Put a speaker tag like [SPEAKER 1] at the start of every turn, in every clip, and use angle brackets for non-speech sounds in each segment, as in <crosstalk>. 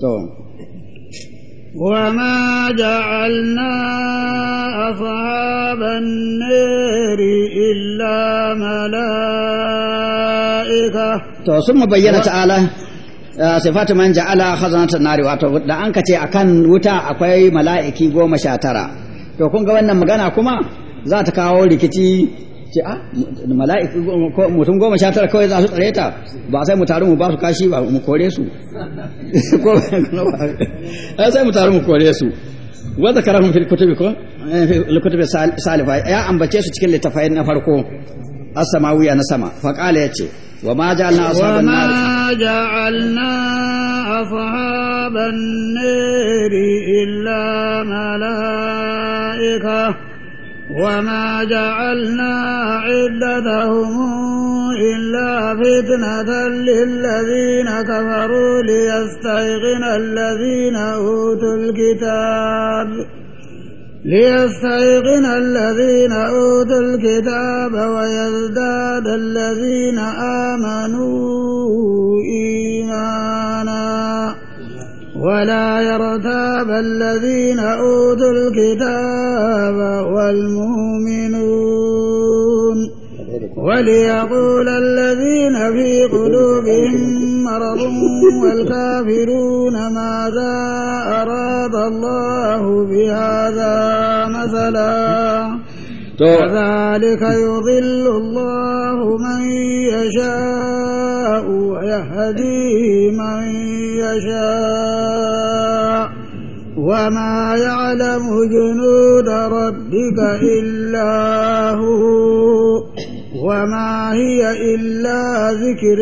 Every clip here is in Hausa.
[SPEAKER 1] to
[SPEAKER 2] وما جعلنا أصحاب
[SPEAKER 1] to sun bayyana ta'ala uh, sifatu man ja'ala khazanatan nari wato da an kace akan wuta akwai mala'iki goma sha tara to kun ga wannan magana kuma za ta kawo rikici ce a ah, mala'iku mutum goma sha tara kawai za su tsare ta ba sai mu taru mu ba su kashi ba mu kore su <laughs> ko ba <laughs> sai mu taru mu kore su wa zakarahum fil kutubi ko eh, fil kutubi salifa ya ambace su cikin littafai na farko as-samawiya na sama fa qala yace wa ma ja'alna ashaban nar ma
[SPEAKER 2] ja'alna ashaban nar illa malaika وما جعلنا عدتهم إلا فتنة للذين كفروا ليستيقن الذين أوتوا الكتاب ليستيقن الذين أوتوا الكتاب ويزداد الذين آمنوا إيمانا ولا يرتاب الذين أوتوا الكتاب والمؤمنون وليقول الذين في قلوبهم مرض والكافرون ماذا أراد الله بهذا مثلا كذلك يضل الله من يشاء ويهدي من يشاء وما يعلم جنود ربك إلا هو وما هي إلا ذكر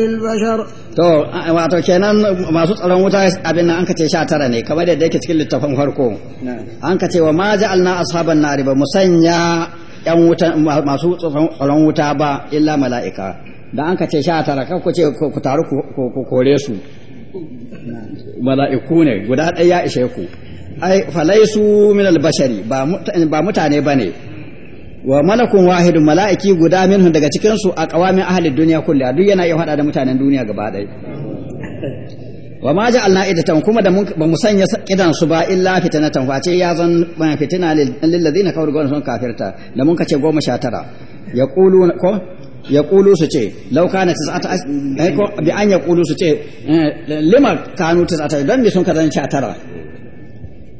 [SPEAKER 2] للبشر
[SPEAKER 1] to wato kenan masu tsaron wuta abin nan an kace sha tara ne kamar yadda yake cikin littafin farko an kace wa ma ja'alna ashaban nari ba musanya yan wuta masu tsaron wuta ba illa mala'ika da an kace sha tara kan ku ce ku taru ku kore su mala'iku ne guda ɗaya ya ishe ku ai falaisu min albashari ba mutane bane wa malakun wahidun mala'iki guda minhum daga cikin su a qawamin ahli dunya kulli duk yana iya hada da mutanen duniya gaba ɗaya wa ma ja'alna idatan kuma da ba mu sanya kidan su ba illa fitnatan fa ce ya zan fitna lil ladina kawar gona sun kafirta da mun kace 19 yaquluna ko yaqulu su ce law kana tis'ata ai eh, ko bi an yaqulu su ce eh, lima kanu tis'ata dan me sun kazan 19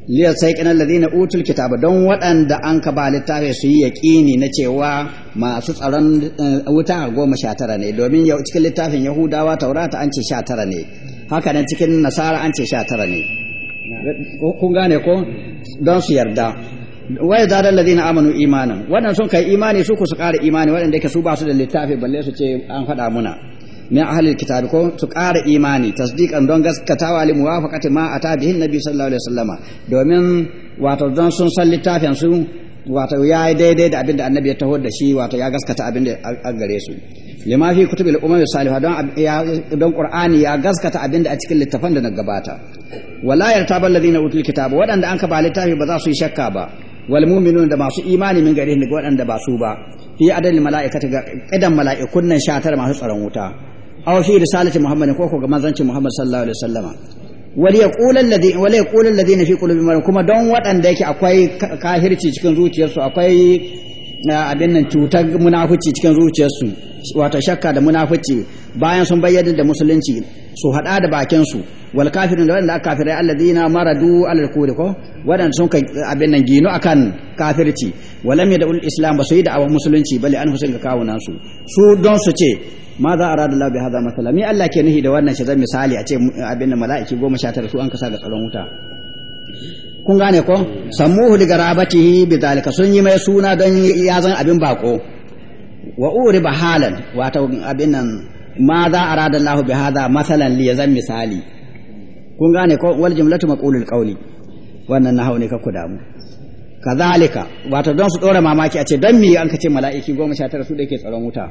[SPEAKER 1] liya sai kanan ladina utul kitaba don waɗanda an ka ba littafi su yi yaƙini na cewa masu tsaron eh, wuta goma sha tara ne domin cikin littafin yahudawa taurata an ce sha tara ne haka nan cikin nasara an ce sha tara ne kun gane ko don su yarda waya zarar ladina amanu imanin waɗanda sun kai imani su ku su ƙara imani waɗanda yake su ba su da littafi balle su ce an faɗa muna min ahlil kitabi ko su ƙara imani tasdiqan don gaskatawa li muwafaqati ma ata bihi nabi sallallahu alaihi wasallama domin wato don sun san littafin su ya yi daidai da abin annabi ya taho da shi wato ya gaskata abin an gare su lima fi kutubil umami don kur'ani qur'ani ya gaskata abin a cikin littafan da na gabata wala yartaba alladhina utul kitaba waɗanda an ka ba littafi ba za su yi shakka ba wal mu'minun da masu imani min gare ni waɗanda ba su ba fi adadin ga idan mala'ikun nan shatar masu tsaron wuta aw fi risalati muhammadin ko ko ga manzancin muhammad sallallahu alaihi wasallama wal yaqul alladhi wal yaqul alladhina fi qulubihim marad kuma don waɗanda yake akwai kahirci cikin zuciyarsu akwai abin nan cutar munafici cikin zuciyarsu wato shakka da munafici bayan sun bayyana da musulunci su hada da bakin su wal kafirun da wanda kafirai alladhina maradu alal kufri ko wadanda sun kai abin nan gino akan kafirci walam yad'ul islam ba su yi da musulunci bale an husun ga kawunan su su don su ce ma za a rada labi haza hadha masala mi Allah ke nuhi da wannan shi zan misali a ce abin da mala'iki goma sha tara su an kasa ga tsaron wuta kun gane ko sammuhu daga garabatihi bi zalika sun yi mai suna don ya zan abin bako wa uri bahalan wato abin nan ma za a rada Allah bi matsala masalan li zan misali kun gane ko wal jumlatu maqulul qawli wannan na haune ka ku damu kazalika wato don su dora mamaki a ce don me an kace mala'iki goma sha tara su da ke tsaron wuta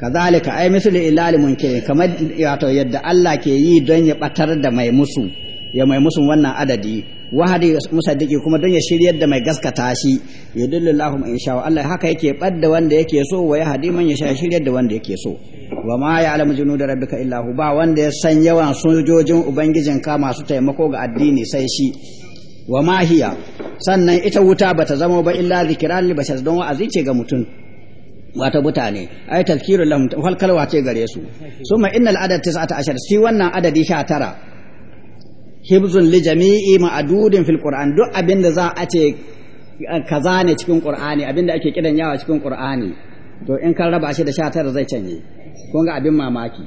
[SPEAKER 1] kazalika ai mislu ilali munkirin kamar wato yadda Allah ke yi don ya batar da mai musu ya mai musu wannan adadi wahadi musaddiki kuma don ya shiryar da mai gaskata shi Ya dillallahu man Allah haka yake badda wanda yake so wa yahdi man yasha shiryar da wanda yake so wa ma ya'lamu junud rabbika illa hu ba wanda ya san yawan sojojin ubangijin ka masu taimako ga addini sai shi wa ma hiya sannan ita wuta bata zama ba illa zikran li bashar don wa'azi ce ga mutum wata mutane ai tazkiru lahum falkalwa ce gare su summa innal adad 19 shi wannan adadi 19 hibzun li jami'i ma'adudin fil qur'an duk abinda za a ce eh, kaza ne cikin qur'ani abinda ake kidan yawa cikin qur'ani to in kan raba shi da 19 zai canje kun ga abin mamaki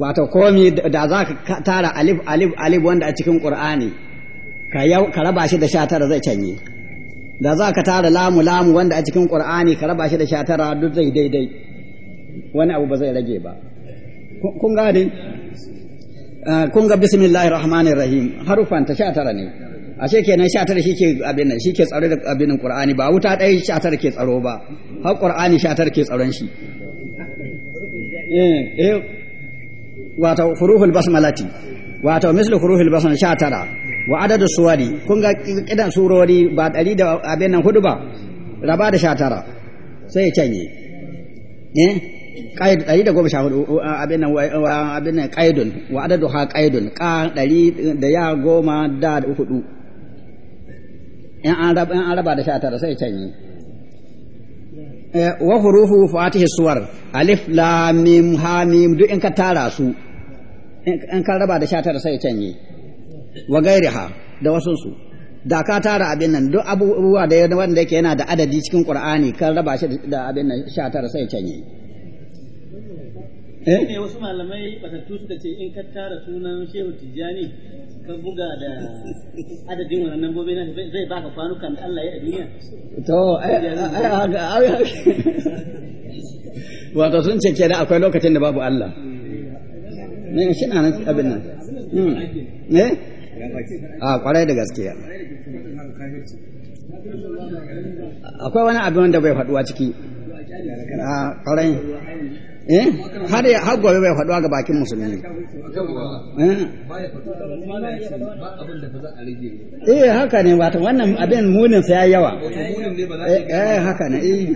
[SPEAKER 1] wato komi da za ka tara alif alif alif wanda a cikin qur'ani ka raba shi da 19 zai canje da za ka tara lamu lamu wanda a cikin qur'ani ka raba shi da sha tara duk zai daidai wani abu ba zai rage ba kun gane ah, kun ga bismillahir rahmanir rahim harufan ta sha tara ne ashe kenan sha tara shike abin nan shike tsaro da abin qur'ani ba wuta ɗaya sha tara ke tsaro ba har qur'ani sha tara ke tsaron shi eh eh wato huruful basmalati wato mislu huruful basmala sha tara wa adadu suwari kun ga kidan surori ba ɗari da abin nan hudu ba raba da sha tara sai ya canye eh qaid ɗari da goma sha hudu uh, uh, abin nan uh, abin nan qaidun wa adadu ha qaidun ka ɗari da ya goma da hudu in an raba da sha tara sai ya canye eh, wa hurufu fatihi suwar alif lam mim ha mim duk in ka tara su in ka raba da sha tara sai ya canye wa gairiha da wasu su da ka tara abin nan duk abubuwa da wanda yake yana da adadi cikin Qur'ani kan raba shi da abin nan 19 sai canye eh ne wasu malamai batattu suka ce in ka tara sunan Shehu Tijjani ka buga da adadin wannan bobe na zai baka kwanukan da Allah ya a duniya to wato sun ce kenan akwai lokacin da babu Allah ne hmm. eh, shi na nan abin nan hmm. eh a ah, kwarai da gaskiya akwai wani abin da bai faduwa ciki a ah, kwarai eh har har gobe bai faduwa ga bakin musulmi
[SPEAKER 3] eh, eh haka ne
[SPEAKER 1] wata wannan abin munin sa yawa eh, eh haka ne eh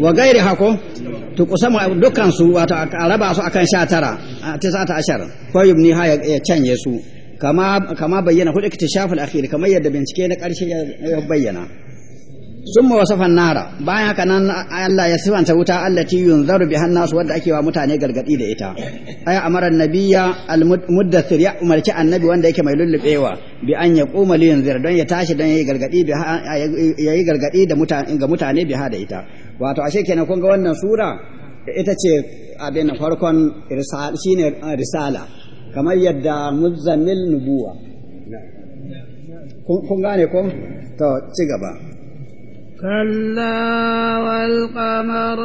[SPEAKER 3] wa gairi hako
[SPEAKER 1] to kusama dukkan su wato a raba su akan 19 19 ko ni ha ya canje su kama kama bayyana hudu kitashaful akhir kamar yadda bincike na karshe ya bayyana summa wasafa fannara, bayan haka nan Allah ya sifanta wuta allati yunzaru bihan nasu wadda ake wa mutane gargadi da ita ay amara nabiyya almuddathir ya umarci annabi wanda yake mai lullubewa bi an ya kuma li yunzir don ya tashi don yayi gargadi bi yayi gargadi da mutane ga mutane bi da ita wato ashe kenan kun ga wannan sura ita ce abin farkon risala shine risala kamar yadda muzammil nubuwa kun gane ko to ci gaba كلا
[SPEAKER 2] والقمر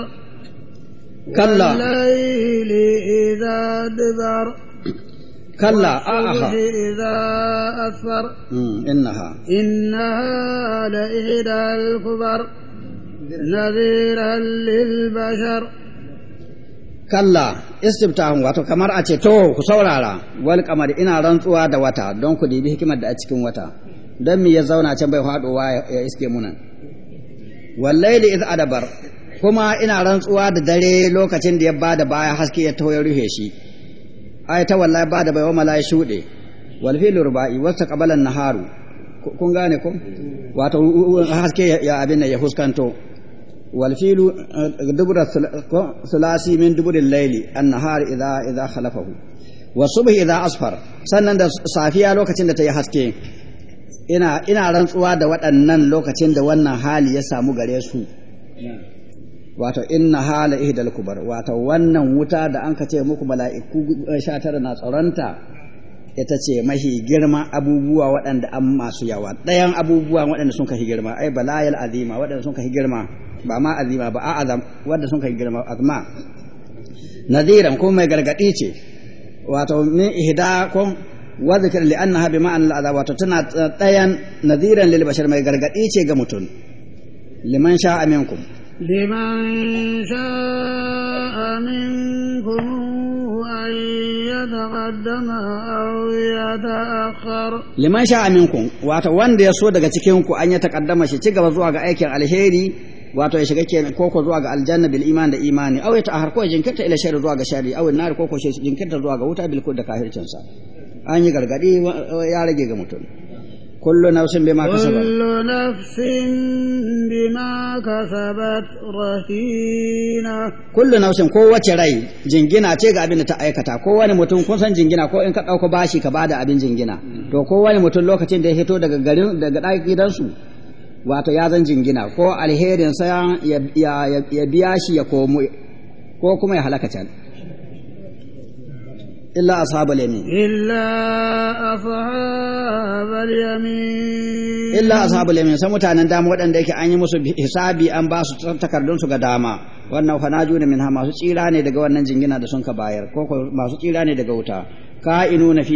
[SPEAKER 2] كلا والليل إذا دبر
[SPEAKER 1] كلا آخر
[SPEAKER 2] إذا أسفر إنها إنها لإحدى الكبر
[SPEAKER 1] نذيرا للبشر kalla istiftahan wato kamar a ce to ku saurara wal ina rantsuwa da wata don ku dibi hikimar da a cikin wata don me ya zauna can bai faɗowa ya iske munan wallaili iz adabar kuma ina rantsuwa da dare lokacin da ya bada baya haske ya taho ya rufe shi ai ta wallahi bada bai wa ya shuɗe wal filu rubai wasta qabalan naharu kun gane ko wato haske ya abin ya huskanto wal filu eh, dubra sulasi min dubril layli an nahar idha idha khalafahu wa subhi idha asfar sannan da safiya lokacin da ta yi haske ina ina rantsuwa da waɗannan lokacin da wannan hali ya samu gare su wato inna hala ihdal kubar wato wannan wuta da an ka ce muku mala'iku eh, tara na tsoronta ita ce mahi girma abubuwa waɗanda an masu yawa ɗayan abubuwa waɗanda sun kahi girma ai balayal azima waɗanda sun kahi girma ba ma azima ba a azam waɗanda sun kahi girma azma nadiran ko mai gargaɗi ce wato min ihda kun وذكر لأنها بمعنى annaha bi ma'an نذيرا wato tana tsayan إيشي قمتون لمن mai gargadi ce ga mutum liman sha'a أو liman sha'a شاء منكم واتوان دي أن يتقدم wanda ya so daga هيري an ya shi zuwa ga aikin alheri wato ya shiga kenan koko zuwa ga aljanna bil iman da imani aw ya har ko jinkirta ila shari zuwa ga shari aw nar koko jinkirta zuwa ga wuta bil da kafircin sa an yi gargaɗi ya rage ga mutum kullu nafsin bima kasabat
[SPEAKER 2] kullu nafsin bima kasabat rahina
[SPEAKER 1] kullu nafsin ko wace rai jingina ce ga abin da ta aikata ko wani mutum kun san jingina ko in ka dauko bashi ka da abin jingina to ko wani mutum lokacin da ya fito daga garin daga gidansu wato ya zan jingina ko alherinsa ya biya shi ya komo ko kuma ya halaka can إلا أصحاب اليمين إلا أصحاب اليمين إلا أصحاب اليمين سمتان دام ودن ديك أني مسو بحسابي أن باس تكر سو قداما wannan fanajuna min ha masu tsira ne daga wannan jingina da sun ka bayar ko masu tsira ne daga wuta ka'inuna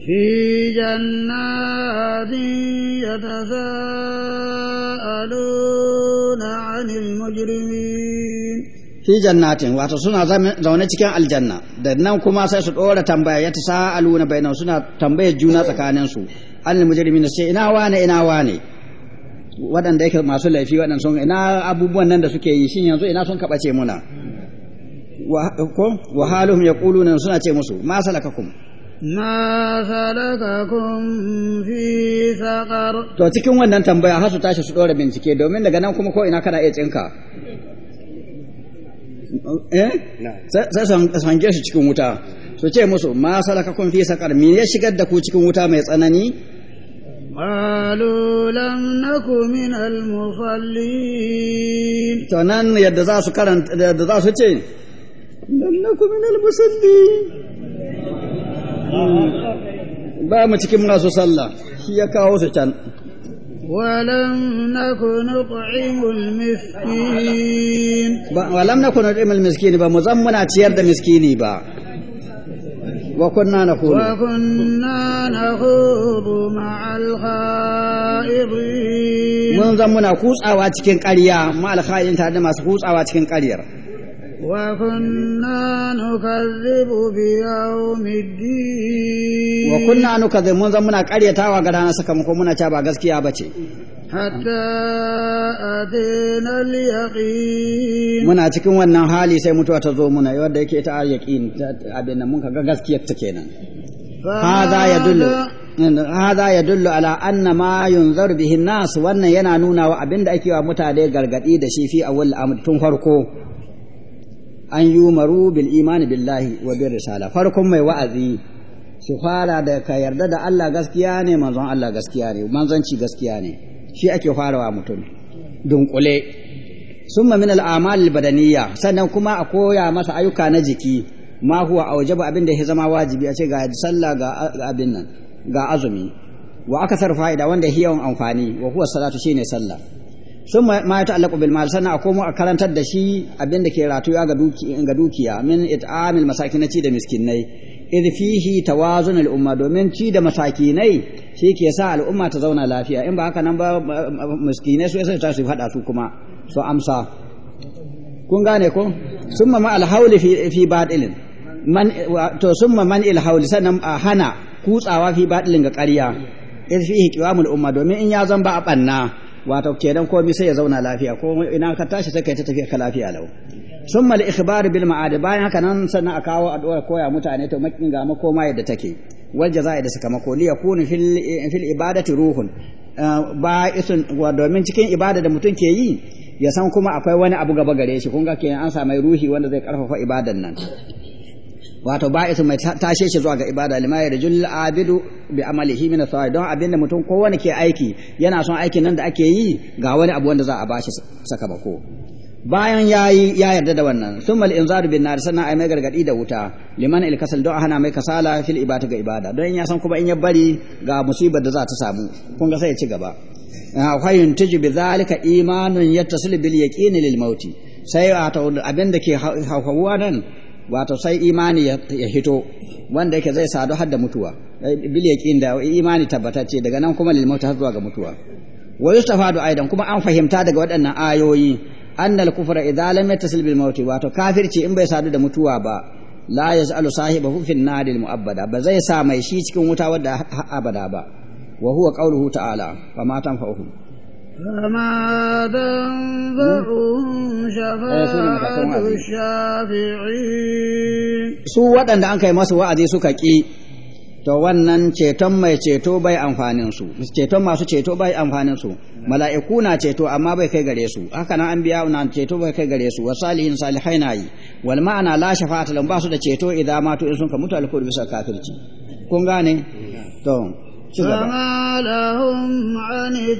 [SPEAKER 1] في
[SPEAKER 2] جنات يتساءلون عن المجرمين
[SPEAKER 1] fi jannatin wato suna zaune cikin aljanna da nan kuma sai su dora tambaya ya ta sa'aluna bainahu suna tambayar juna tsakanin su annal mujrimina sai ina wane ina wane waɗanda yake masu laifi waɗanda sun ina abubuwan nan da suke yi shin yanzu ina sun kabace muna ko wa haluhum yaquluna suna ce musu ma salakakum
[SPEAKER 2] ma salakakum fi saqar
[SPEAKER 1] to cikin wannan tambaya har su tashi su dora bincike domin daga nan kuma ko ina kana iya tsinka eh shi cikin wuta su ce musu ma salaka kun fi sakar me ya shigar da ku cikin wuta mai tsanani
[SPEAKER 2] قالوا لم نك
[SPEAKER 1] من ba mu cikin masu sallah shi ya kawo su can
[SPEAKER 2] ولم نكن نطعم المسكين
[SPEAKER 1] ولم نكن نطعم المسكين با مزمنا ciyar da miskini ba wa kunna naqulu wa
[SPEAKER 2] kunna naqudu ma'al kha'irin mun zammuna
[SPEAKER 1] kutsawa cikin ƙarya ma'al kha'irin tare da masu kutsawa cikin ƙaryar
[SPEAKER 2] وكنا نكذب بيوم الدين وكنا
[SPEAKER 1] نكذب من زمنا قريتا وغرانا سكمكو منا تا با غسكيا بچي
[SPEAKER 2] حتى أتينا اليقين
[SPEAKER 1] muna cikin wannan hali sai mutuwa ta zo muna wanda yake ta yaqin abin mun kaga gaskiyar ta kenan
[SPEAKER 2] hada yadullu
[SPEAKER 1] hada yadullu ala anna ma yunzar bihi nas wannan yana nuna wa abinda ake wa mutane gargadi da shi fi awwal amr tun farko an yi umaru bil imani billahi wa bir risala farkon mai wa'azi su fara da ka yarda da Allah gaskiya ne manzon Allah gaskiya ne manzanci gaskiya ne shi ake farawa mutum dunkule summa min al amal badaniyya sannan kuma a koya masa ayyuka na jiki ma huwa aujaba abin da ya zama wajibi a ce ga sallah ga abin nan ga azumi wa akasar fa'ida wanda yawan amfani wa huwa salatu shine sallah sun ma ya ta'allaqu bil mal sannan a komo a karantar da shi abin da ke ratuwa ga dukiya ga dukiya min it'amil masakin ci da miskinai id fihi tawazun al umma domin ci da masakinai shi ke sa al'umma ta zauna lafiya in ba haka nan ba miskinai su sai ta su fada su kuma su amsa kun gane ko summa ma al hawli fi fi badilin man to summa man il hawli sannan a hana kutsawa fi badilin ga ƙarya id fihi qiwamul umma domin in ya zan ba a banna wato kenan komai sai ya zauna lafiya ko ina ka tashi sai kai ta tafiya ka lafiya lau Sun mali ikhbar bil ma'ad bayan haka nan sannan a kawo addu'a koya mutane to makin ga makoma yadda take wal jazaa'i da sakamako li yakunu fil fil ibadati ruhun ba'isun wa domin cikin ibada da mutum ke yi ya san kuma akwai wani abu gaba gare shi kun ga kenan an samu ruhi wanda zai karfafa ibadan nan wato ba'isu mai tashe shi zuwa ga ibada lima yarjul abidu bi amalihi min sawa don abinda mutum ko ke aiki yana son aikin nan da ake yi ga wani abu wanda za a bashi sakamako bayan yayi ya yarda da wannan summa al inzaru bin nar sana ai mai gargadi da wuta liman il kasal don hana mai kasala fil ibada ga ibada don in ya san kuma in ya bari ga musibar da za ta samu kun ga sai ya ci gaba hayyun tuji bi zalika imanun yattasil bil yaqini lil mauti sai wato abinda ke hauhawa nan wato sai imani ya hito wanda yake zai sadu har da mutuwa eh, bil yaqin da imani tabbatacce daga nan kuma lil mauta zuwa ga mutuwa wa yustafadu aidan kuma an fahimta daga waɗannan ayoyi annal kufra idza lam yattasil bil mauti wato kafirci in bai sadu da mutuwa ba la yas'alu sahibahu fin nadil mu'abbada ba zai sa mai shi cikin wuta wadda abada ba wa huwa qawluhu ta'ala fa ma tanfa'uhum
[SPEAKER 2] فما تنفعهم شفاعة الشافعين
[SPEAKER 1] su waɗanda an kai masu wa'azi suka ƙi to wannan ceton mai ceto bai amfanin su ceton masu ceto bai amfanin su mala'iku na ceto amma bai kai gare su haka nan anbiya na ceto bai kai gare su wasalihin salihin salihai na yi wal ma'ana la shafa'atu lam ba su da ceto idan matu in sun ka mutu alkur bisa kafirci kun gane to فما
[SPEAKER 2] ya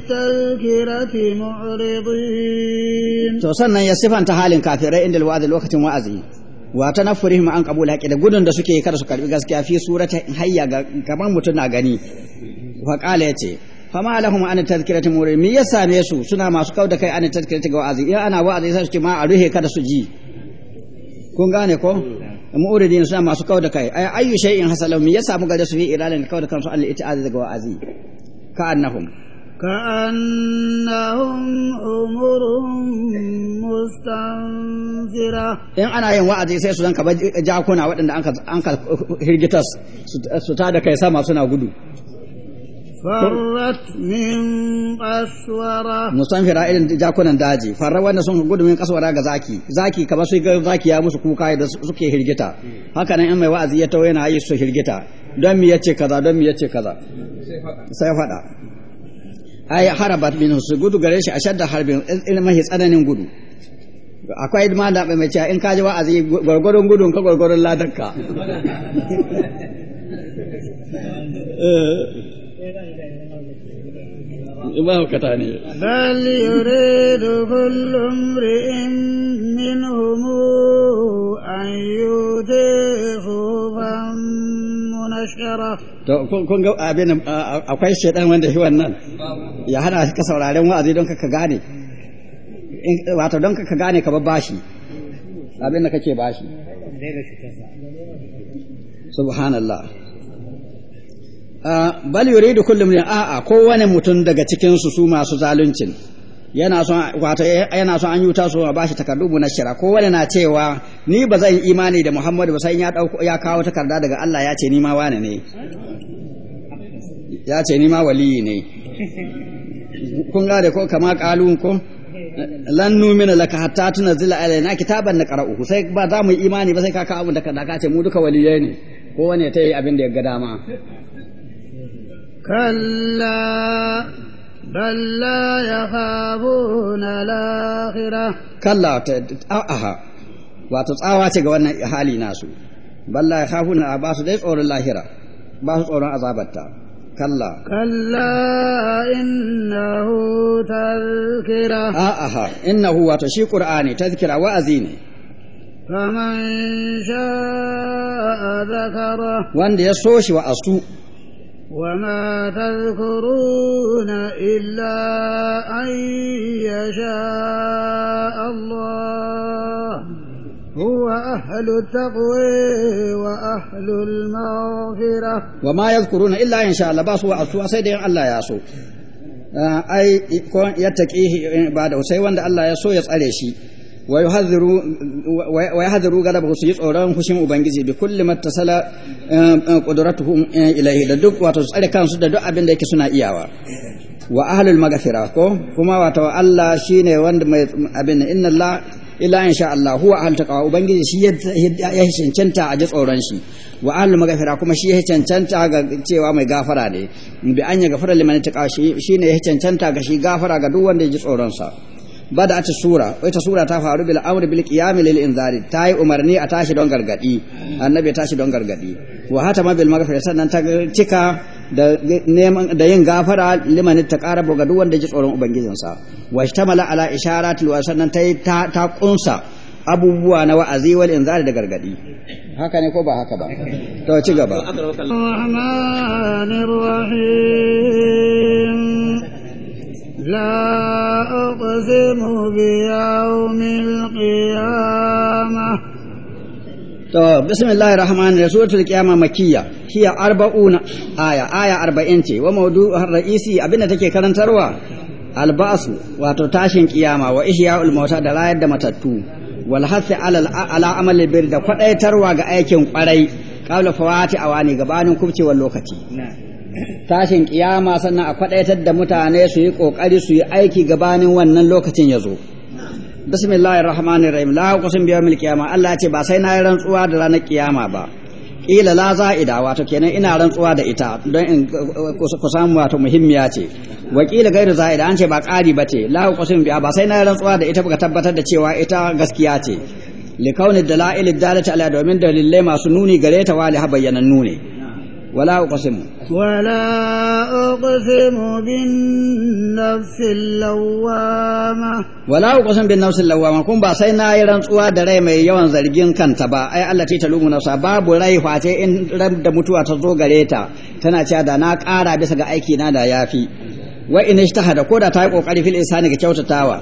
[SPEAKER 2] sifanta halin معرضين
[SPEAKER 1] توصلنا يا سفان تحال كافرين عند الوعد الوقت وعزي وتنفرهم عن قبول حق da gudun da suke kada su karbi gaskiya fi surata hayya ga gaban mutun na gani wa qala yace fama lahum an tadhkirati murid me ya same su suna masu kauda kai an tadhkirati ga wa'azi in ana wa'azi sai su ce kada su ji kun gane ko mu'uridin suna masu kawar da kai ay ayu shay'in hasalum ya samu gare su fi iradan kawar da kansu al iti'az daga wa'azi ka annahum
[SPEAKER 2] ka annahum umurum mustanfira in ana yin wa'azi sai su
[SPEAKER 1] zan kaba jakuna waɗanda an ka hirgitas su ta da kai sama suna gudu farrat
[SPEAKER 3] min aswara
[SPEAKER 1] musanfira irin jakunan daji farra wanda sun gudu min kaswara ga zaki zaki kamar su ga zaki ya musu kuka da suke hirgita haka nan in mai wa'azi ya tawo yana yi su hirgita don mi yace kaza don mi yace kaza sai fada ai harabat min su gudu gare shi ashadda harbin in mahi tsananin gudu akwai ma da mai cewa in ka ji wa'azi gwargwaron gudun ka gwargwaron ladanka mahaukata ne bal yuridu
[SPEAKER 2] kullu imri'in minhum an a munashara
[SPEAKER 1] to abin akwai wanda wannan don ka gane wato don ka gane ka bashi abin da kake bashi subhanallah bal da kullum ne a'a kowane mutum daga cikin su su masu zaluncin yana son wato eh, yana son an yuta su a bashi takardu mu ko kowane na cewa ni ba zan imani da Muhammadu ba sai ya dauko ya kawo takarda daga Allah ya ce ni ma wani ne ya ce ni ma waliyi ne kun ga da ko kama kalun ko lan numina laka hatta tunzila alaina kitaban na qara'u sai ba za mu imani ba sai ka kawo abin da ka ce mu duka waliyai ne kowane ta yi abin da ya ga dama
[SPEAKER 2] كلا بل لا يخافون
[SPEAKER 1] الآخرة كلا أها وتتعوى تقوانا حالي ناسو بل لا يخافون أباس ديس أور اللاهرة باس أور عذابتا كلا كلا إنه تذكرة أها إنه وتشي قرآني تذكرة وأذيني
[SPEAKER 2] فمن شاء ذكره
[SPEAKER 1] وان يسوش وأسوء
[SPEAKER 2] وما تذكرون إلا أن يشاء الله هو أهل التقوى وأهل المغفرة
[SPEAKER 1] وما يذكرون إلا إن شاء الله باسوا أسوا سيدي الله آه، ياسو أي يتكيه بعده سيوان الله يسو يسأل شيء wa yahadharu galabahu su yi tsoron hushin ubangiji bi kulli mattasala qudratuhum ilayhi da duk wato tsare kansu da duk abin da yake suna iyawa wa ahlul maghfira ko kuma wato Allah shine wanda mai abin inna Allah illa in sha Allah huwa ahlul taqwa ubangiji shi ya cancanta a ji shi wa ahlul maghfira kuma shi ya cancanta ga cewa mai gafara ne bi an ya gafara liman taqwa shi shine ya cancanta ga shi gafara ga duk wanda ya ji tsoron sa بدأت السورة ويتصورة تفعل بالأمر بالقيام للإنذار تاي أمرني أتاشي دون غرغدي النبي أتاشي دون غرغدي وهاتما بالمغفرة سنن تكا da neman da yin gafara liman ta ƙara ga duk wanda ji tsoron ubangijinsa wa shtamala ala isharatil wa sannan ta ta kunsa abubuwa na wa'azi wal inzari da gargadi haka ne ko ba haka ba to ci gaba
[SPEAKER 2] لا أقسم
[SPEAKER 1] بيوم القيامة To, bismillahir rahmanir suratul qiyama makiyya ce wa abinda take karantarwa albasu wato tashin kiyama wa ihya'ul mauta matattu wal hathi ala ga aikin kwarai qabla fawati awani gabanin kubcewar lokaci tashin kiyama sannan a kwadaitar da mutane su yi kokari su yi aiki gabanin wannan lokacin ya zo bismillahir rahmanir rahim la uqsim bi yawmil kiyama Allah ce ba sai na yi rantsuwa da ranar kiyama ba ƙila la za'ida wato kenan ina rantsuwa da ita don in ku samu wato muhimmiya ce wa ƙila gairu za'ida an ce ba ƙari ba ce la kusin bi ba sai na yi rantsuwa da ita ba tabbatar da cewa ita gaskiya ce li kauni dalail dalata ala domin dalilai masu nuni gare ta wali ha bayyanannu ne ولا أقسم
[SPEAKER 2] ولا أقسم بالنفس اللوامة
[SPEAKER 1] ولا أقسم بالنفس اللوامة كن با da rai mai yawan zargin kanta ba ai Allah ce ta lumu nafsa babu rai face in ran da mutuwa ta zo gare ta tana cewa da na kara bisa ga aiki na da yafi wa in ishtahada ko da ta yi kokari fil insani ga kyautatawa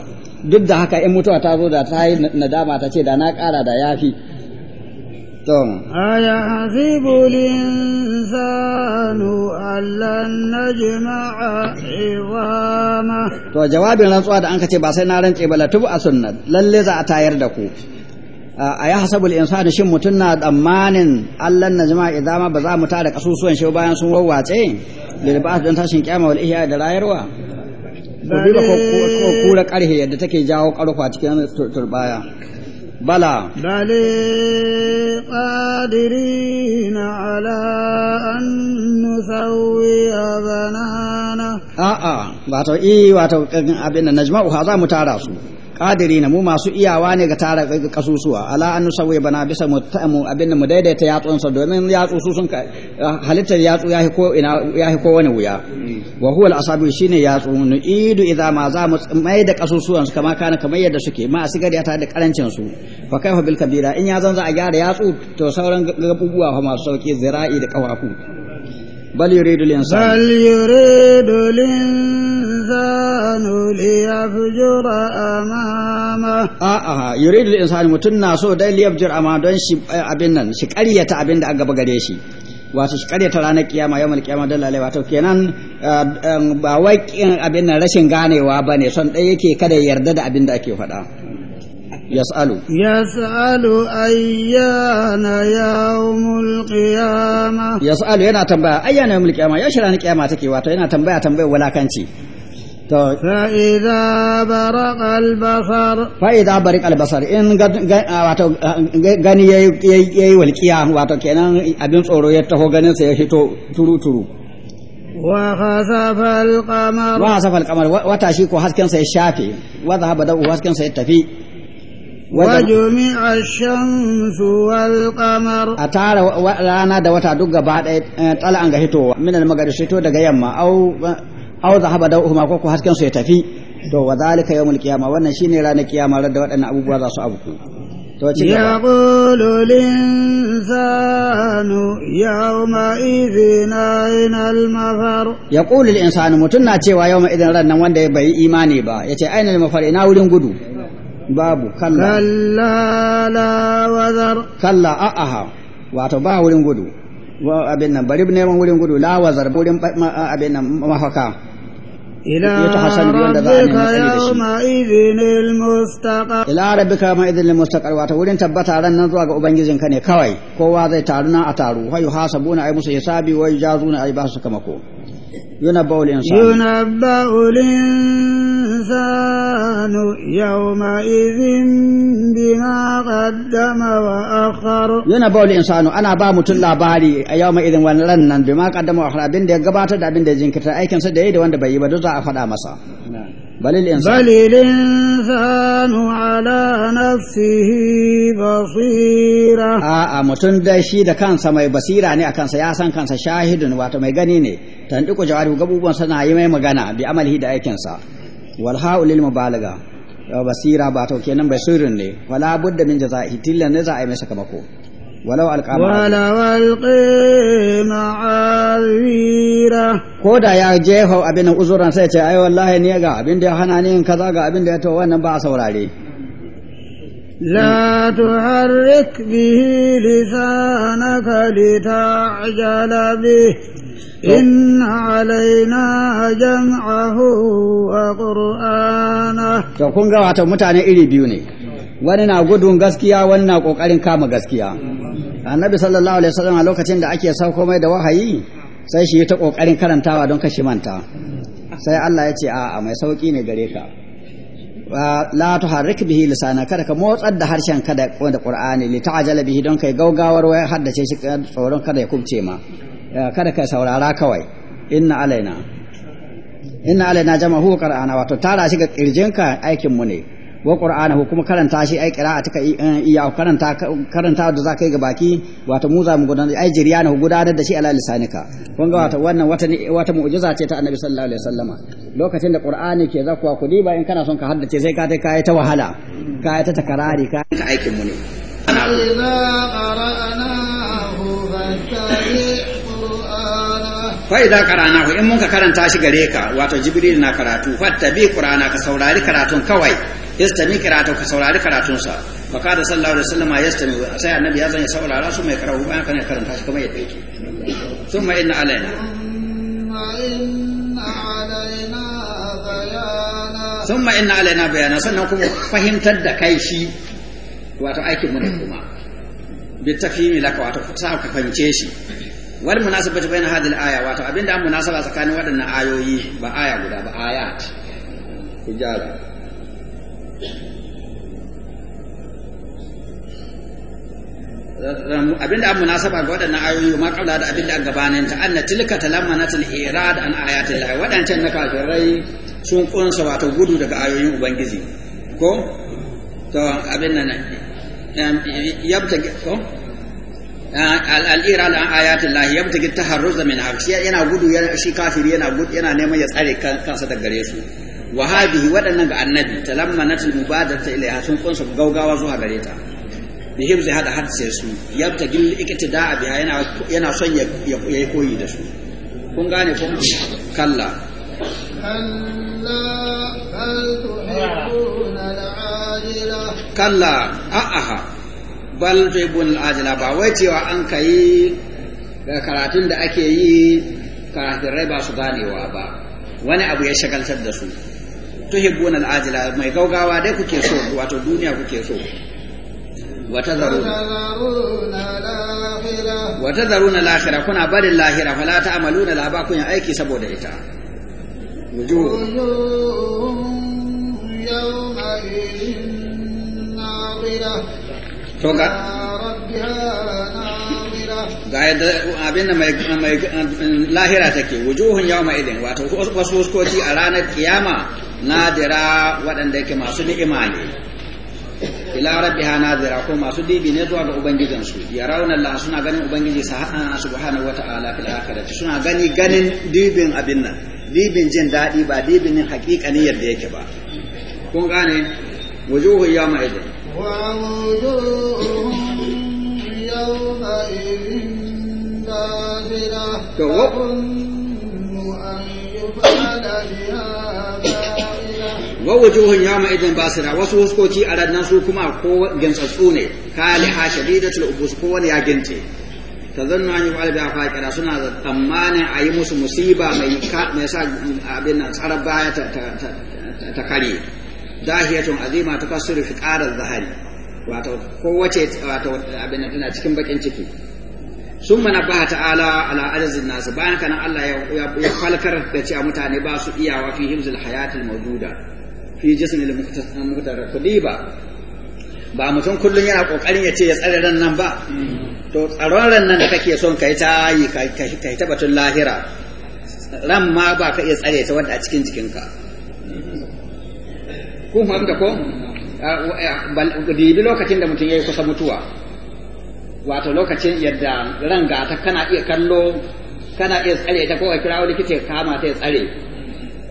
[SPEAKER 1] duk da haka in mutuwa ta zo da ta yi nadama ta ce da na kara da yafi أيحسب الإنسان ألا
[SPEAKER 2] نجمع عظامه
[SPEAKER 1] to jawabin rantsuwa da an ce ba sai na rantse ba latubu a sunnat lalle za a tayar da ku a ya hasabul insanu shin mutum na tsammanin Allah na jama'a idama ba za mu tara kasusuwan shi bayan sun wawwace lil ba'd dan tashin kiyama wal ihya da rayarwa ku bi ko kura karhe yadda take jawo a cikin turu-baya. بلى بل
[SPEAKER 2] قادرين على أن نسوي بنانه
[SPEAKER 1] آآ آه آه واتو إي واتو أبن نجمعها ذا متعرسوا na mu masu iyawa ne ga tara kasusuwa ala an nusawwi bana bisa mu abinda mu daidaita yatsunsa domin yatsu su sun halittar yatsu yahi ko ina yahi ko wani wuya wa huwa al-asabi shine yatsu nu'idu idza ma za mu mai da kasusuwan su kama kana kamar yadda suke ma sigar ya tare da karancin su fa kaifa bil kabira in ya zanza a gyara yatsu to sauran gabubuwa fa masu sauki zira'i da kawafu bal yuridu al bal yuridu الإنسان ليفجر أمامه آه آه يريد الإنسان متن ناسو دي ليفجر أمامه دون أبنن شكالية أبن دا أقب غريشي wato shi karyata ranar kiyama yau mal kiyama dalla alai wato kenan eh, ba wai abin nan rashin ganewa ba ne son ɗaya ke kada yarda da abin da ake faɗa ya Ya yas'alu ayyana ya yawmul Ya yas'alu yana tambaya ayyana yawmul qiyama yau shi ranar kiyama take wato yana tambaya tambayar wulakanci فإذا برق البصر فإذا برق البصر إن واتو غني يي والقيا واتو كينان أبين صورو يتهو غني سيشتو ترو ترو وخسف القمر وخسف القمر واتاشي كو حسكن سيشافي وذهب دو حسكن سيتفي وجمع الشمس والقمر أتارا رانا دوتا دوغا بعد طلع أنغا هيتو من المغرب هيتو دغا يما أو aw zahaba dawuhuma ko ko hasken su ya tafi to wa zalika yawmul qiyama wannan shine ranar kiyama ran da waɗannan abubuwa za su abuku to ci gaba
[SPEAKER 2] yaqulu linsanu yawma idhin ainal mafar
[SPEAKER 1] yaqulu linsanu mutun na cewa yawma idhin ran nan wanda bai imani ba yace ainal mafar ina wurin gudu babu kalla kalla la wazar kalla a'aha wato ba wurin gudu abin nan bari neman wurin gudu la wazar wurin abin nan mahaka ila rabbika yawma idhin al mustaqar ila rabbika ma idhin al mustaqar wato wurin tabbata ran nan zuwa ga ubangijin ka ne kawai kowa zai taru na a taru fa yuhasabuna ay musa hisabi wa yajazuna ay basu kamako yuna insan yunabbaul insan الإنسان
[SPEAKER 2] يومئذ بما قدم وأخر ينبأ
[SPEAKER 1] الإنسان أنا با متل باري يومئذ ونلن بما قدم وأخر أبين دي قبات دا أبين دي جنكتا أي كنسا دي دي وان دي بيبا دوزا أفدا مسا بل الإنسان بل
[SPEAKER 2] الإنسان
[SPEAKER 1] على نفسه بصيرة آآ آه متن دا شي كانسا ما بصيرة ني أكانسا ياسان كانسا شاهد واتو ما يغني ني تندقو جواري وقبوبون سنا يمي مغانا بعمله دا أي كنسا wal ha'u lil mubalaga basira ba to kenan bai sirrin ne wala budda min jaza'i tilla ne za a yi masa kamako walau alqama Wala alqama azira ko da ya ho abin uzuran sai ce ai wallahi ne ga abin da ya hana ni kaza ga abin da ya to wannan ba a saurare
[SPEAKER 2] لا تحرك به لسانك لتعجل به إن alaina jam'ahu wa
[SPEAKER 1] to kun ga wato mutane iri biyu ne wani na gudun gaskiya wani na kokarin kama gaskiya annabi sallallahu alaihi wasallam a lokacin da ake sauko da wahayi sai shi ta kokarin karantawa don kashe manta sai Allah ya ce a'a mai sauki ne gare ka la tuharrik bihi lisana kada ka motsar da harshen kada da qur'ani li ta'jala bihi don kai gaugawar wai haddace shi tsoron kada ya kubce ma kada ka saurara kawai inna alaina inna alaina jama'u qur'ana wato tara shi ga kirjinka aikin mu ne wa qur'anahu kuma karanta shi ai tuka eh, iya karanta karanta da zaka yi ga baki wato mu za mu gudanar ai na gudanar da shi ala lisanika kun ga wato wannan wata wata mu'jiza ce ta annabi sallallahu alaihi wasallama lokacin da qur'ani ke zakwa ku diba in kana son ka haddace sai ka ta kai ta wahala ka ta takarari ka aikin mu ne
[SPEAKER 3] إذا قرأناه فاتبع
[SPEAKER 1] fa idza qara'nahu in mun ka karanta shi gare ka wato jibril na karatu bi qur'ana ka saurari karatun kawai yastami karatu ka saurari karatun sa fa kada sallallahu alaihi wasallam yastami sai annabi ya zan ya saurara su mai karatu bayan kana karanta shi kamar yadda yake thumma inna alaina thumma inna alaina bayana sannan kuma fahimtar da kai shi wato aikin mu ne kuma bi tafhimi laka wato sa ka fahimce shi wal munasabatu bayna hadhihi al-aya wato abinda an munasaba tsakanin waɗannan ayoyi ba aya guda ba ayat ku gyara abinda an munasaba ga waɗannan ayoyi ma kaula da abinda an gabanin ta anna tilka talammanatul irad an ayati lahi waɗancan na kafirai sun kunsa wato gudu daga ayoyin ubangiji ko to abin nan yabta ko al'ira da ayatul lahi ya mutu ta harruza min harshe yana gudu shi kafiri yana gudu yana neman ya tsare kansa da gare su wa hadihi waɗannan ga annabi talammanatul mubadarata ilaiha hasun kunsa gaugawa zuwa gare ta bihim zai hada hadse su yabta gil iktida'a biha yana yana son ya yi koyi da su kun gane kun kalla kalla a'a bal tuhibbun al-ajila ba wai cewa an kai eh, karatun da ake yi karatun rai ba su ganewa ba wani abu ya shagaltar da su tuhibbun al-ajila mai gaugawa dai kuke so wato duniya kuke so wata zaruna lahira kuna barin lahira fala ta amalu la ba kun aiki saboda ita wujuhu
[SPEAKER 3] yawma to
[SPEAKER 1] abin da mai lahira take wujuhun yawma idin wato wasu a ranar kiyama nadira waɗanda yake masu ni'ima ne ila rabbiha nadira ko masu dibi ne zuwa ga ubangijinsu yarawna Allah suna ganin ubangiji subhanahu fil akhirati suna gani ganin dibin abin nan dibin jin daɗi ba dibin hakikanin yadda yake ba kun gane wujuhun idin
[SPEAKER 3] ووجوههم يومئذ نازلة
[SPEAKER 1] تظن أن ووجوه يومئذ باسرة wasu huskoki a rannan su kuma ko gamsatsu ne kaliha shadidatul ubus ko wani ya ginte ta zanna an yi wa albi suna da tsammanin a yi musu musiba mai sa abin nan tsara baya ta kare dahiyatun azima fasiru fi qarar zahari wato kowace wato abin tana cikin bakin ciki sun mana ba ta'ala ala arzin nasu bayan kana Allah ya falkar da cewa mutane ba su iyawa fi himzul hayatil mawjuda fi jismil muqtar kudiba ba mutum kullum yana kokarin ya ce ya tsare ran nan ba to tsaron ran nan da kake son kai ta yi kai ta batun lahira ran ma ba ka iya tsare ta wanda a cikin jikinka kun fahimta ko ah, eh, dibi lokacin da mutum ya yi kusa mutuwa wato lokacin yadda ranga ta kana iya kallo kana iya tsare ta kowa kira wani kice kama ta ya tsare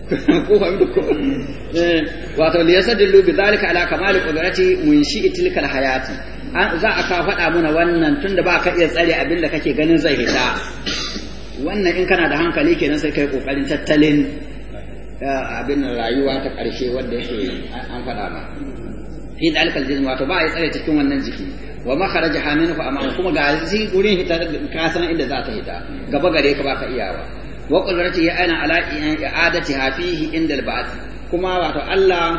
[SPEAKER 3] <laughs> ko fahimta ko
[SPEAKER 1] eh, wato yasa dillu bi zalika ala kamali qudrati munshi tilkal hayati ah, za a ka faɗa muna wannan tunda ba ka iya tsare abin da kake ganin zai hita wannan in kana da hankali kenan sai kai kokarin tattalin abin rayuwa ta ƙarshe wanda yake an faɗa ba fi dalikal jism wato ba ya tsare cikin wannan jiki wa makharaja haminu fa amma kuma ga zai gurin hita ka san inda za ta hita gaba gare ka baka iyawa wa qudrati ya ana ala i'adati hafihi inda al-ba'th kuma wato Allah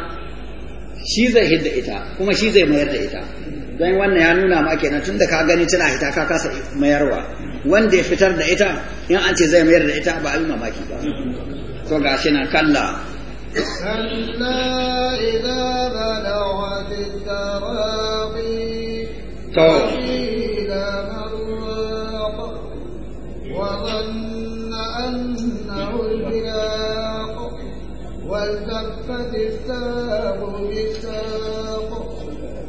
[SPEAKER 1] shi zai hidda ita kuma shi zai mayar da ita don wannan ya nuna ma kenan tunda ka gani tana hita ka kasa mayarwa wanda ya fitar da ita in an ce zai mayar da ita ba abin mamaki ba وقعتنا كلا
[SPEAKER 3] كلا إذا بلغت التراقي
[SPEAKER 1] وقيل طيب.
[SPEAKER 3] مراق وظن أنه الفراق والتفت بالساق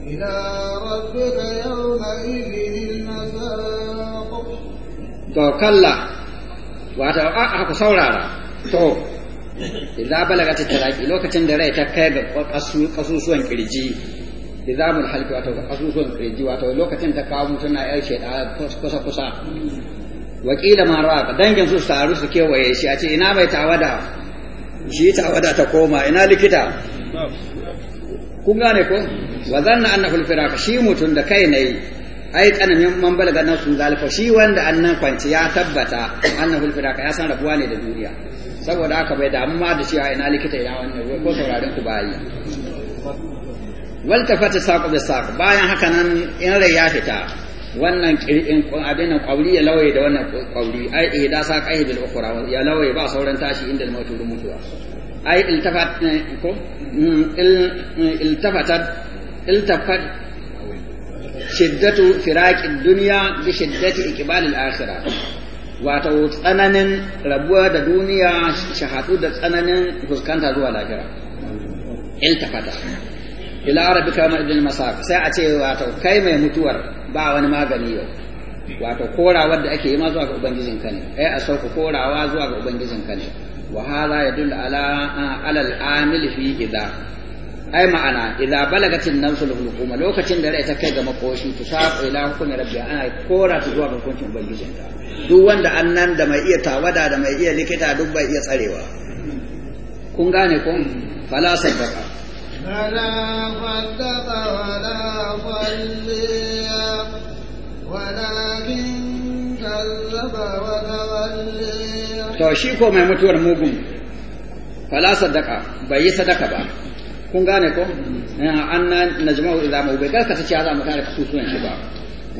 [SPEAKER 3] إلى ربك يومئذ المساق
[SPEAKER 1] طيب، آه، idza balagat taraqi lokacin da rai ta kai ga kasusuwan kirji izamul halki wato kasusuwan kirji wato lokacin ta kawo na yar sheda kusa kusa wakila ma rawa dangin su taru su kewaye shi a ce ina mai tawada shi tawada ta koma ina likita kun gane ko wa zanna annahu al-firaq shi mutun da kai nayi ai tsananin man balaga nan sun zalika shi wanda annan kwanci ya tabbata annahu al-firaq ya san rabuwa ne da duniya saboda haka bai damu ma da cewa ina likita ina wannan ko saurarin ku bayi wal tafata saqu bi saq bayan haka nan in rai ya fita wannan kirin abin kauri ya lawaye da wannan kauri ai eh, sa kai bil ukhra ya lawaye ba sauran tashi inda mutu mutuwa ai iltafat eh, ko mm, iltafatat mm, iltafat shiddatu firaqid dunya bi shiddati iqbal akhirah wato tsananin rabuwa da duniya shahatu da tsananin fuskanta zuwa in tafata ila arabi kama ibn sai a ce wato kai mai mutuwar ba wani magani yau wato korawa da ake yi ma zuwa ga ubangijin ka ne ai a sauka korawa zuwa ga ubangijin ka ne wa hada yadullu ala alal amil fi idha ai ma'ana idza balagatin nafsul hukuma lokacin da rai ta kai ga makoshi to sa ila hukumi rabbi ana kora su zuwa ga hukuncin ubangijin ta duk wanda annan da mai iya tawada da mai iya likita duk bai iya tsarewa kun gane kun fala sadaka
[SPEAKER 3] fala sadaka wala falliya kin kallaba wa tawalliya
[SPEAKER 1] to shi ko mai mutuwar mugun fala sadaka bai yi sadaka ba kun gane ko eh, anna najma'u idza ma bai karka ce za mu tare kasusuwan shi ba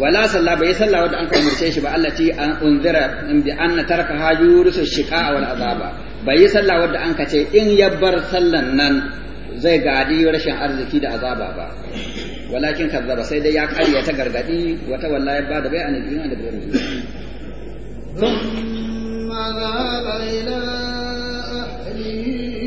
[SPEAKER 1] wala salla bai wanda an shi ba an unzira bi taraka shiqa wal azaba bai salla wanda an kace in yabbar sallan nan zai gadi rashin arziki da azaba ba walakin kazzaba sai dai ya kariya ta gargadi wata wallahi bada bai da bai
[SPEAKER 3] ثم ذهب إلى أهله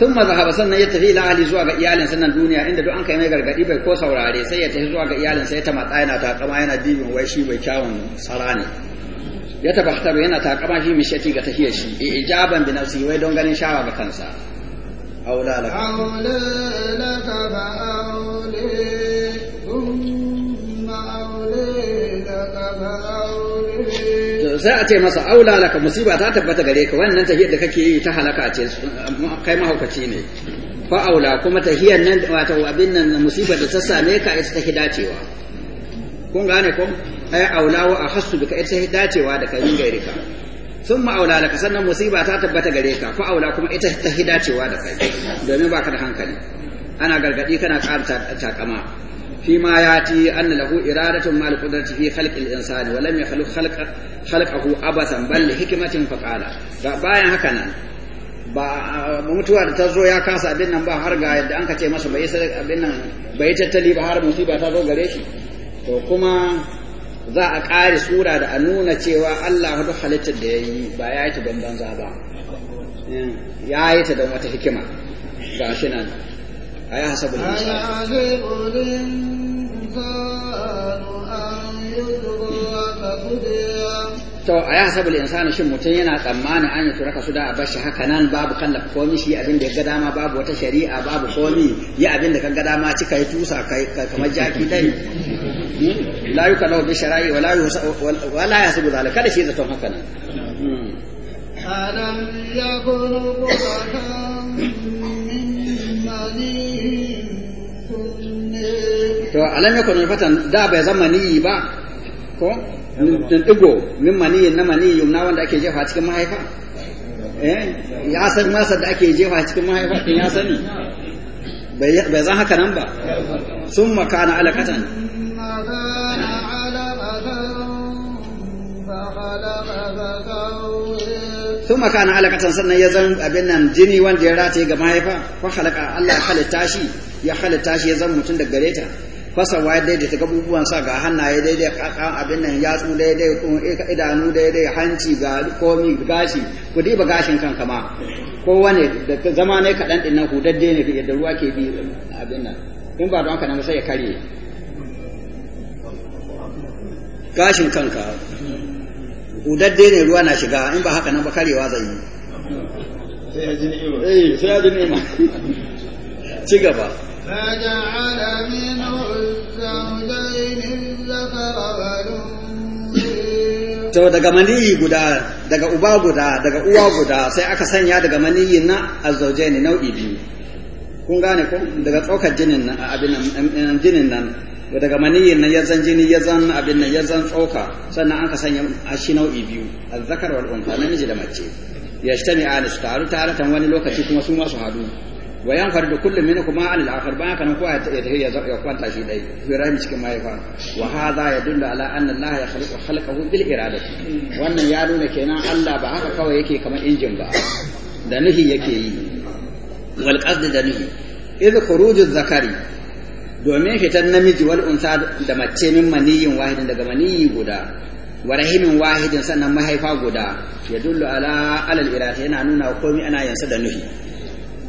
[SPEAKER 1] ثم ذهب sannan na tafi ila ahli zuwa ga iyalin nan duniya inda duk an kai mai gargadi bai ko saurare sai ya tafi zuwa ga iyalin sai ta matsa yana takama yana dibin wai shi mai kyawun tsara ne ya tabahtaru yana takama shi mishati ga tahiyar shi ijaban bi nafsi wai don ganin shawa ga kansa aula laka aula
[SPEAKER 3] laka fa um.
[SPEAKER 1] sai a ce masa aula laka musiba ta tabbata gare ka wannan tafiyar da kake yi ta halaka ce kai mahaukaci ne fa aula kuma tahiyar nan wato abin nan musibar da ta same ka ita ta hidacewa kun gane ko ai aula wa ahassu bika ita ta hidacewa da kai gaire ka ma aula laka sannan musiba ta tabbata gare ka fa aula kuma ita ta hidacewa da kai domin baka da hankali ana gargadi kana ƙara takama fi ma yati anna lahu iradatun mal qudrati fi khalq al insani wa lam yakhluq khalq khalqahu abasan bal li hikmatin bayan haka nan ba mutuwa da ta zo ya kasa abin nan ba har ga yadda an ka ce masa bai sai abin nan bai tattali ba har musiba ta zo gare shi to kuma za a ƙare sura da a nuna cewa Allah duk halittar da ya yi ba ya yi ta banza ba ya yi ta don wata hikima ga shi nan أي حسب to a ya al insani shin mutun yana tsammanin an yi turaka su da a bashi haka nan babu lafi komi shi abin da ya ga dama babu wata shari'a babu komi yi abin da ka ga dama cika yi tusa kamar jaki dai hmm? la yi kalau bi shara'i wala yi wala ya sabu zalika kada shi zato haka nan hmm.
[SPEAKER 3] alam yakunu quratan
[SPEAKER 1] to alam yakun fatan da bai zama ni ba ko din digo min mani na mani yumna wanda ake jefa cikin mahaifa eh ya san masa da ake jefa cikin mahaifa kin ya sani bai zan haka nan ba sun makana alakatan
[SPEAKER 3] alakatan
[SPEAKER 1] ثم كان علقة سنة يزن أبنا جني وان جيراتي كما يفا فخلق الله خلق تاشي يا خلق تاشي يزن متن دقريتا fasawa daidai ta gabubuwan sa ga hannaye daidai kaka abin nan yatsu daidai idanu daidai hanci ga komi gashi ku diba gashin kan kama kowane da zama ne kaɗan ɗin nan hudadde ne da ruwa ke bi abin nan in ba don kaɗan sai ya karye gashin kanka hudadde ne ruwa na shiga in ba haka nan ba karewa zai yi sai ya ji eh, ci gaba to daga maniyi guda daga uba guda daga uwa guda sai aka sanya daga maniyi na azzaujai ne nau'i biyu kun gane ko daga tsokar jinin nan abin jinin nan daga maniyin nan zan jini zan abin nan zan tsoka sannan an ka sanya shi nau'i biyu azzakar wal unfa namiji da mace ya ta ala su taru taratan wani lokaci kuma su masu hadu wa yan fardu kullum min kuma al akhar bayan kanan ko ya ya kwanta shi dai fi rahim cikin mahaifa wa hadha yadullu ala anna allaha yakhluqu khalqahu bil iradati wannan ya nuna kenan Allah ba haka kawai yake kamar injin ba da nuhi yake yi wal qasd da nuhi idh khurujuz zakari domin fitar namiji wal unsa da mace min maniyin wahidin daga maniyi guda wa rahimin wahidin sannan mahaifa guda ya dullu ala alal irata yana nuna komai ana yansa da nufi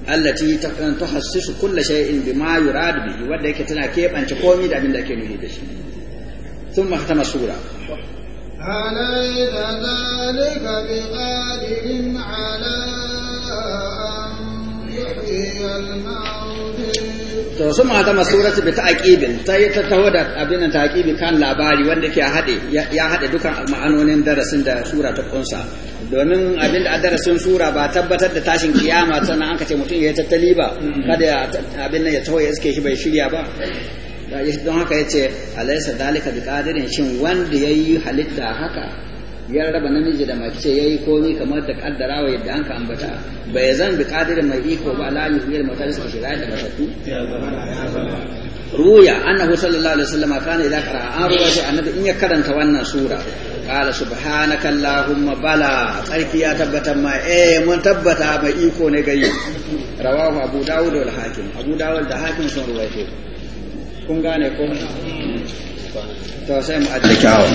[SPEAKER 1] allati tahassisu kulla shay'in bima yurad bihi wanda yake tana kebance komai da abin da ake nufi da shi thumma khatama sura
[SPEAKER 3] أليس ذلك بقادر على أن يحيي
[SPEAKER 1] to sun ma dama suratu bi ta'qibin ta yi ta da abin ta'qibi kan labari wanda ke hade ya hade dukan ma'anonin darasin da sura ta kunsa domin abin da darasin sura ba tabbatar da tashin kiyama sannan an kace mutum ya tattali ba kada abin nan ya taho ya iske shi bai shirya ba don haka yace alaysa dalika bi qadirin shin wanda yayi halitta haka ya raba namiji da mace ya yi komi kamar da wa yadda an ka ambata bai zan bi kadirin mai iko ba la yuhir mutalis ka shiga da matattu ruya annahu sallallahu alaihi wasallam kan idza qara'a an ruwa shi annabi in ya karanta wannan sura qala subhanaka allahumma bala tsarki ya tabbata ma eh mun tabbata mai iko ne gayi rawahu abu daud wal hakim abu daud da hakim sun ruwaito kun gane ko to sai mu ajiye kyawu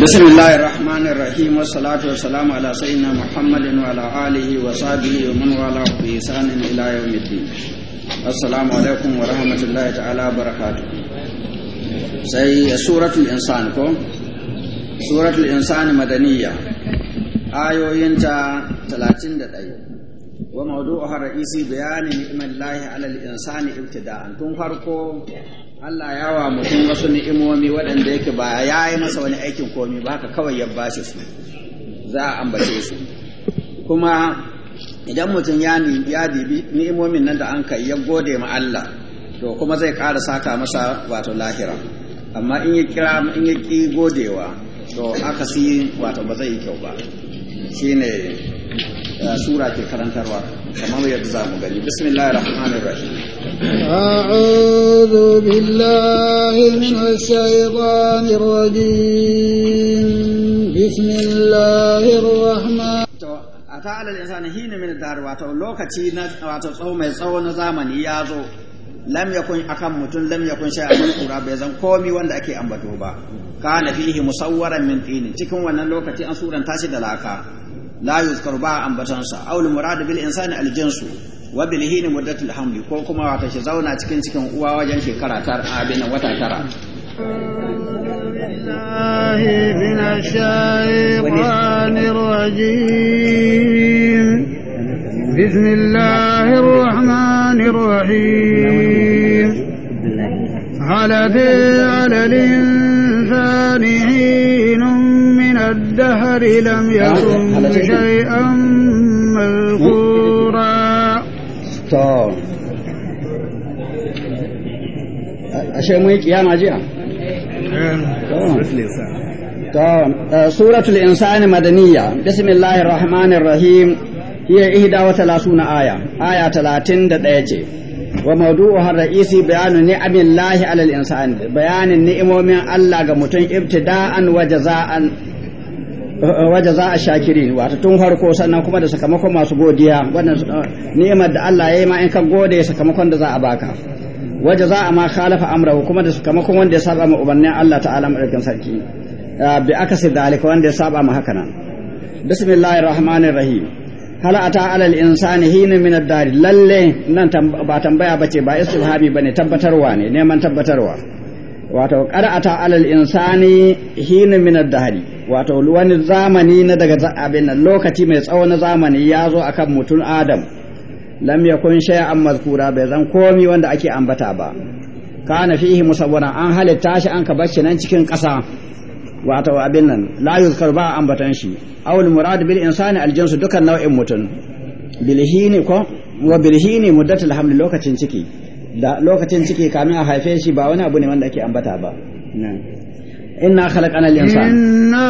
[SPEAKER 1] bismillahir rahmanir rahim wa wassalamu ala sayyidina muhammadin wa ala alihi wa sahbihi wa man wala bi ihsanin ila yawmiddin assalamu alaikum wa rahmatullahi ta'ala barakatuh sai suratul insan ko suratul insan madaniya ayoyinta 31 وموضوعها الرئيسي بيان نعم الله على الإنسان ابتداء تنفرقوا Allah ya wa mutum wasu ni'imomi waɗanda yake ba ya yi masa wani aikin komi ba haka kawai ya bashi su za a ambace su kuma idan mutum ya dibi ni'imomin nan da an kai ya gode ma Allah to kuma zai ƙara saka masa wato lahira amma in ya kira in ya ƙi godewa to aka si wato ba zai yi kyau ba shine sura ke karantarwa kamar yadda za mu gani bismillahir rahmanir rahim
[SPEAKER 2] a'udhu billahi minash shaitanir rajim bismillahir rahmanir
[SPEAKER 1] ata alal insani hina min dar wato lokaci na wato tsawo mai tsawo na zamani ya zo lam yakun akan mutum lam yakun shay akan kura bai zan komi wanda ake ambato ba kana fihi musawwaran min tini cikin wannan lokaci an suranta shi da laka layus yuzkaru ba ambatansa aw al murad bil insani al jinsu wa bil hin ko kuma wata shi zauna cikin cikin uwa wajen shekara tar abin wata tara من
[SPEAKER 2] الشيطان الرجيم بسم الله الرحمن الرحيم هل في على الإنسان حين الدهر لم يكن شيئا مذكورا
[SPEAKER 1] ashe mun yi kiyama jiya suratul insani madaniya bismillahir rahmanir rahim hiya ihda wa talasuna aya aya 31 ce wa mawdu'uha ra'isi bayanu ni'amillahi alal insani bayanin ni'imomin Allah ga mutum ibtida'an wa jaza'an Eh, eh, waje za a shakiri wato tun farko sannan kuma da sakamakon masu godiya wannan eh, ni'imar da Allah ya yi ma in ka gode sakamakon da za a baka waje za a ma khalafa amrahu kuma da sakamakon wanda ya saba ma ubannin Allah ta'ala madaukin sarki bi akasi dalika wanda ya saba ma haka nan bismillahir rahmanir rahim hal ata alal insani hina min ad-dar lalle nan ba tambaya bace ba istibhabi bane tabbatarwa ne neman tabbatarwa wato qara'ata alal insani hina min ad-dahri wato wani zamani na daga abin nan lokaci mai tsawo na zamani ya zo akan mutum adam lam yakun shay'an mazkura bai zan komi wanda ake ambata ba kana fihi musawwaran an halitta shi an ka shi nan cikin ƙasa wato abin nan la yuzkar ba ambatan shi awul murad bil insani al jinsu dukan nau'in mutum hini ko wa hini muddatul hamli lokacin ciki da lokacin ciki kamin a haife shi ba wani abu ne wanda ake ambata ba inna khalaqana al-insana
[SPEAKER 2] inna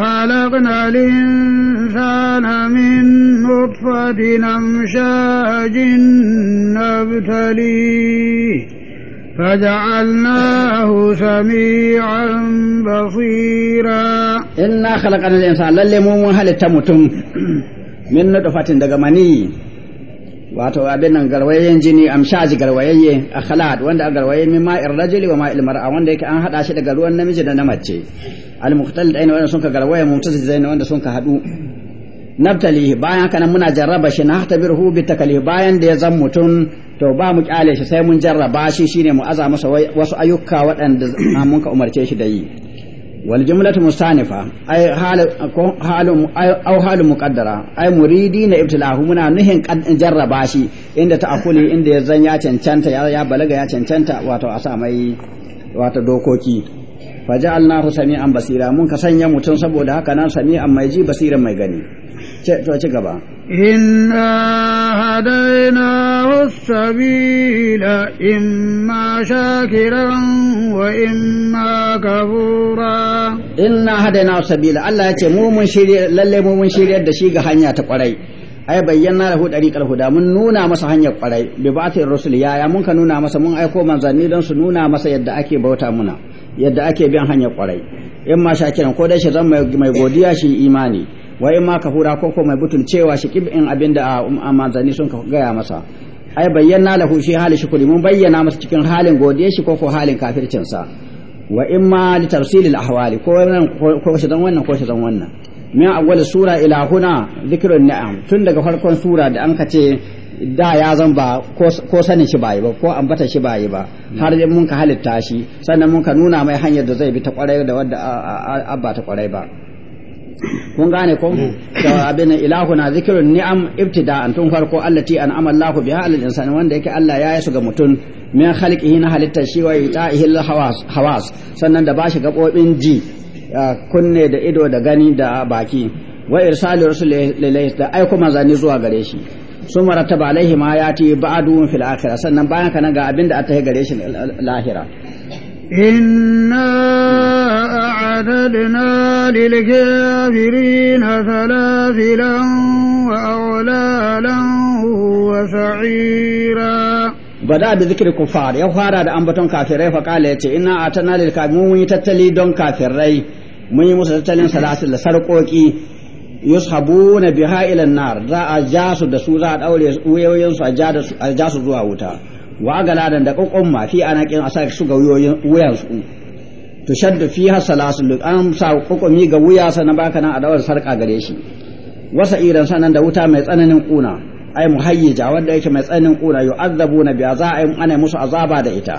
[SPEAKER 2] khalaqana al-insana min nutfatin amshajin nabtali فجعلناه سميعا
[SPEAKER 1] بصيرا إنا خلقنا الإنسان للي مو مهل التمتم من نطفة دقماني wato abin nan garwayayyen jini amshaji garwayayye akhlad wanda a garwaye min ma'ir rajuli wa ma'il mar'a wanda yake an hada shi daga ruwan namiji da na mace al muhtalidain wanda sun ka garwaye mutazidain wanda sun ka hadu nabtali bayan kana muna jarraba shi na nahtabirhu bi takalih bayan da ya zan mutun to ba mu kyale shi sai mun jarraba shi shine mu aza masa wasu ayyuka waɗanda mun ka umarce shi da yi wal jumlatu mustanifa ay hal halu aw halu muqaddara ay muridi na ibtilahu muna nuhin jarraba shi inda ta akuli inda ya ya cancanta ya balaga ya cancanta wato a sa mai wato dokoki faja'alnahu sami'an basira mun ka sanya mutum saboda haka na sami'an mai ji basiran mai gani to ci gaba
[SPEAKER 2] إنا هديناه السبيل إما شاكرا وإما
[SPEAKER 1] كفورا إنا هديناه السبيل الله يتمو من شريع للي من شريع دشيق هنيا تقرأي ai bayyana lahu dariqal huda mun nuna masa hanyar kwarai bi ba'athir rusul yaya mun ka nuna masa mun aiko manzanni don su nuna masa yadda ake bauta muna yadda ake bin hanyar kwarai in ma shakiran ko dai shi zan mai godiya shi imani wa in ma kafura ko ko mai cewa shi kibin abinda ah, um, ah, manzani sun ka gaya masa ai bayyana lahu shi hali shukuri mun bayyana masa cikin halin godiye shi ko ko halin kafircin sa wa in ma li tafsilil ahwali ko wannan ko shi dan wannan ko shi dan wannan min awwal sura ila huna dhikrun ni'am tun daga farkon sura da an ce da ya zan ba ko sanin shi bayi ba ko ambata shi bayi ba har in mun ka halitta shi sannan mun ka nuna mai hanyar da zai bi ta kwarai da wadda ah, abba ta kwarai ba kun gane ko da mm. abin na zikirun ni'am ibtida'an tun farko allati an'ama Allahu biha alal insani wanda yake Allah ya yi su ga mutum min khalqihi na halitta shi wa ita'ihi hawas hawas sannan da bashi gabobin ji kunne da ido da gani da baki wa irsali rasul da aiko manzani zuwa gare shi sun marattaba alaihi ma ya yati ba'du fil akhirah sannan bayan kana ga abin da ta gare shi lahira
[SPEAKER 2] إنا أعددنا للكافرين سلاسلا
[SPEAKER 1] وأغلالا
[SPEAKER 2] وسعيرا
[SPEAKER 1] bada da zikir kufar ya fara da ambaton kafirai fa kala yace ina atana lil kafirin mun yi tattali don kafirai mun yi musu tattalin salasil da sarkoki yushabuna biha ila nar za a jasu da su za a daure wuyoyin su a jasu zuwa wuta wa galadan da ma fi kin asa su ga wuyan su to shaddu fi hasalasul an sa kokomi ga wuya sanan baka nan adawar sarka gare shi wasa iran sanan da wuta mai tsananin kuna ai muhayyija wanda yake mai tsananin kuna yu'azzabuna bi za ana musu azaba da ita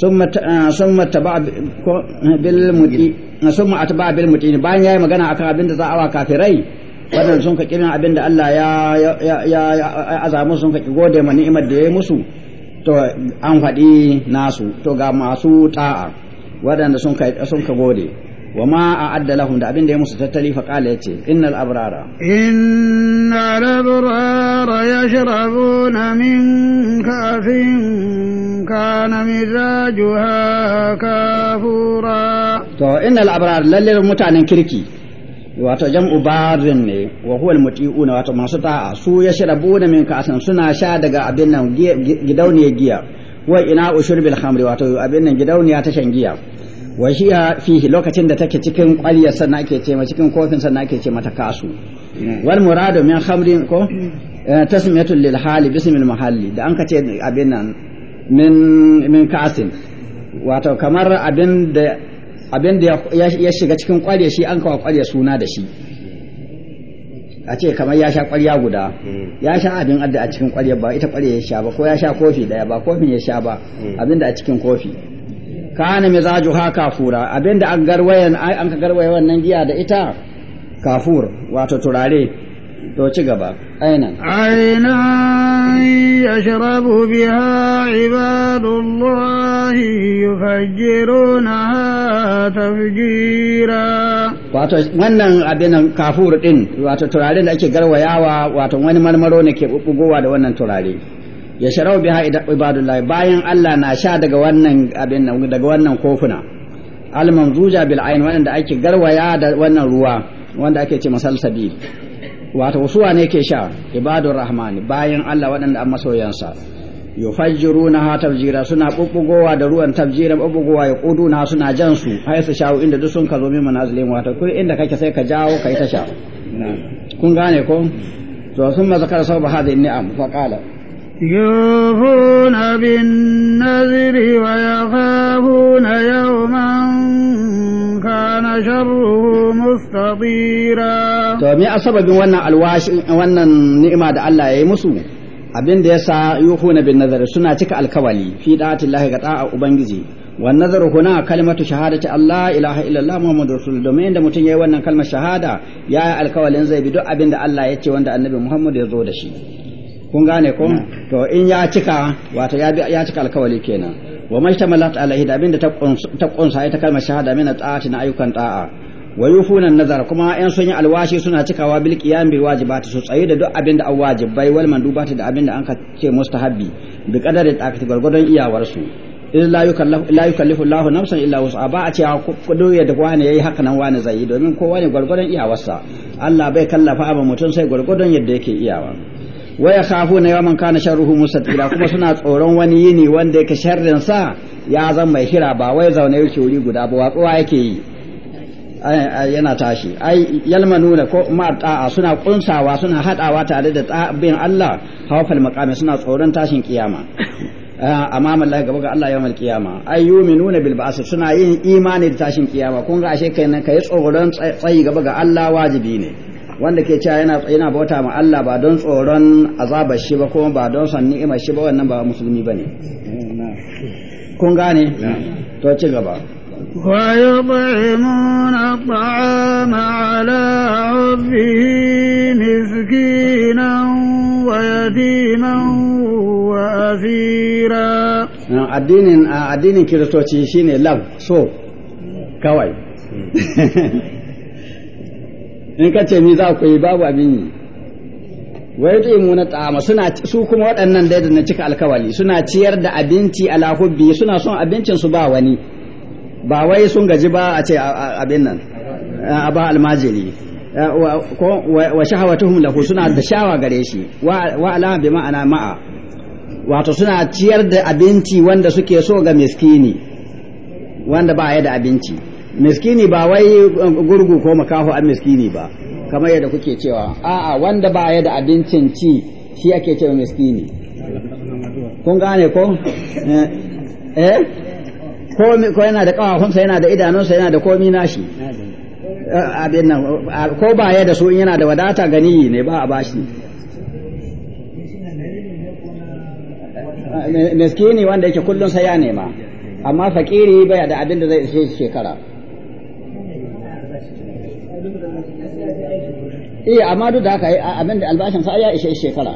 [SPEAKER 1] summa summa taba bil muti summa ataba bil muti bayan yayi magana akan abinda za a wa kafirai wannan sun ka kirin abinda Allah ya ya ya azamu sun ka gode ma ni'imar da yayi musu to an faɗi nasu to ga masu ta'a waɗanda sun ka gode wa ma a addala da abin da ya musu tattali fa qala yace innal abrara innal abrara yashrabuna min kafin kana mizajuha kafura to innal abrara lalle mutanen kirki wato jam'u barin ne wa muti'u almuti'una wato masu ta'a su yashrabuna min ka'san suna sha daga abin nan gidauniya giya wa ina ushurbil khamri wato abin nan gidauniya ta shan giya wa hiya fihi lokacin da take cikin ƙwaryar sannan ake ce cikin kofin sannan ake ce mata kasu wal muradu min khamrin ko eh, tasmiyatu lil hali bismil mahalli da an ce abin nan min min kasin wato kamar abin da abin da ya shiga cikin kwarya shi an kawo kwarya suna da shi a ce kamar ya sha kwarya guda hmm. ya sha abin adda a cikin kwarya ba ita kwarya ya sha ba ko ya sha kofi daya ba kofin ya sha ba hmm. abin da a cikin kofi kana mizaju ha kafura abin da an garwayan an ka garwaya wannan giya da ita kafur wato turare to ci gaba aina. aina ya sharabu biha ibadullahi yufajjiruna tafjira wato wannan abin kafur din wato turare da ake garwayawa wato wani marmaro ne ke bugowa da wannan turare ya sharabu biha ibadullahi bayan Allah na sha daga wannan abin daga wannan kofuna almanzuja bil ain wanda ake garwaya da wannan ruwa wanda ake ce masal sabil wato suwa ne ke sha ibadur rahman bayan Allah waɗanda an masoyansa yufajjiruna ha tafjira suna bubbugowa da ruwan tafjira bubbugowa ya na suna jan su hay su shawo inda duk sun ka zo min manazilin wato ko inda kake sai ka jawo kai ta sha kun gane ko to sun ma zakara sau ba hadin ni'am fa qala yufuna
[SPEAKER 2] bin nazri wa yakhafuna yawman كان شره مستطيرا
[SPEAKER 1] to me asababin wannan alwashi wannan ni'ima da Allah yayi musu abin da yasa yuhuna bin nazar suna cika alkawali fi da'atillahi ga da'a ubangiji wan nazaru huna kalimatu shahadati Allah ilaha illallah muhammadur rasul domin da mutum yayi wannan kalmar shahada yi alkawalin zai bi duk abin da Allah ya ce wanda annabi Muhammad ya zo da shi kun gane ko hmm. to in ya cika wato ya cika alkawali kenan wa mashtamalat alaihi da abinda ta kunsa ta kalmar shahada min ta'ati na ayyukan ta'a wa yufuna nazar kuma ayan sun alwashi suna cikawa bil qiyam bil wajibati su tsaye da duk abinda an wajibai wal mandubati da abinda an ka ce mustahabbi bi qadari ta'ati gurgudun iyawar su in la yukallifu Allahu nafsan illa wus'a ba a ce ku doye da wani yayi haka nan wani zai yi domin kowa ne gurgudun iyawarsa Allah bai kallafa ba mutum sai gurgudun yadda yake iyawa wa yakhafuna yawman kana sharruhu mustatira kuma suna tsoron wani yini wanda yake sharrin sa ya zan mai hira ba wai zaune yake wuri guda ba watsuwa yake yi yana tashi ai nuna ko ma'ata'a suna kunsawa suna hadawa tare da bin Allah hawfal maqami suna tsoron tashin kiyama amama Allah gaba ga Allah yawmal kiyama ai yuminuna bil ba'th suna yin imani da tashin kiyama kun ga ashe kai nan kai tsoron tsayi gaba ga Allah wajibi ne wanda ke cewa yana yana bauta ma Allah ba don tsoron azabar shi ba kuma ba don san ni'imar shi ba wannan ba musulmi bane kun gane to ci gaba
[SPEAKER 2] ويطعمون الطعام على حبه مسكينا ويتيما وأسيرا
[SPEAKER 1] addinin addinin kiristoci shine lab so kawai <laughs> in ka ce ni za ku yi babu abin yi wai mu na ta'ama suna su kuma waɗannan dai da na cika alkawali suna ciyar da abinci ala hubbi suna son abincin su ba wani ba wai sun gaji ba a ce abin nan a ba almajiri wa shahawatuhum lahu suna da shawa gare shi wa ala bi ma'ana ma'a wato suna ciyar da abinci wanda suke so ga miskini wanda ba ya da abinci miskini ba wai um, gurgu ko makaho an miskini ba kamar yadda kuke cewa a'a wanda ba ya da abincin ci shi ake cewa miskini kun gane ko eh, eh? ko yana da kawafinsa yana da idanunsa yana da komi nashi eh, abin nan ko ba ya da su in yana da wadata gani ne ba a bashi
[SPEAKER 3] eh, miskini
[SPEAKER 1] wanda yake kullum sai ya nema amma fakiri bai da abin da zai ishe shekara eh amma duk da haka eh, abin da albashin sa ya ishe shekara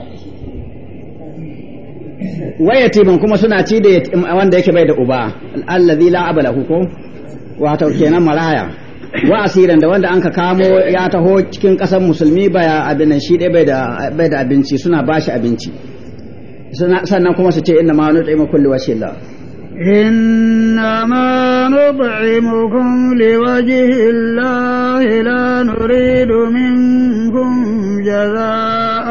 [SPEAKER 3] waya timan kuma
[SPEAKER 1] suna ci da wanda yake bai da uba allazi la abala ko wato kenan maraya wa asiran da wanda anka kamo ya taho cikin kasar musulmi ba abin nan shi dai bai da bai da abinci suna bashi abinci sannan kuma su ce inna ma nutima kulli washillah
[SPEAKER 2] إنما نطعمكم لوجه الله لا نريد منكم جزاء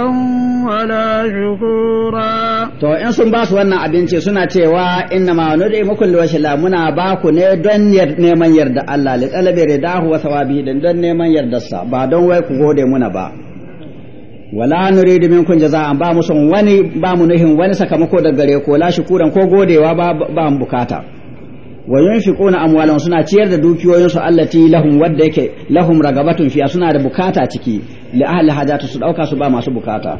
[SPEAKER 2] ولا شكورا
[SPEAKER 1] to in sun ba su wannan abinci suna cewa inna ma nudi muku la muna ba ku ne don neman yarda Allah li talabi ridahu wa sawabi don neman sa ba don wai ku gode muna ba wala nuridu jaza jaza'an ba musu wani ba mu nuhin wani sakamako da gare ko la shukuran ko godewa ba ba mu bukata wa yunfiquna amwalan suna ciyar da dukiyoyin su allati lahum wadda yake lahum ragabatun fiya suna da bukata ciki li ahli hajatu su dauka su ba masu bukata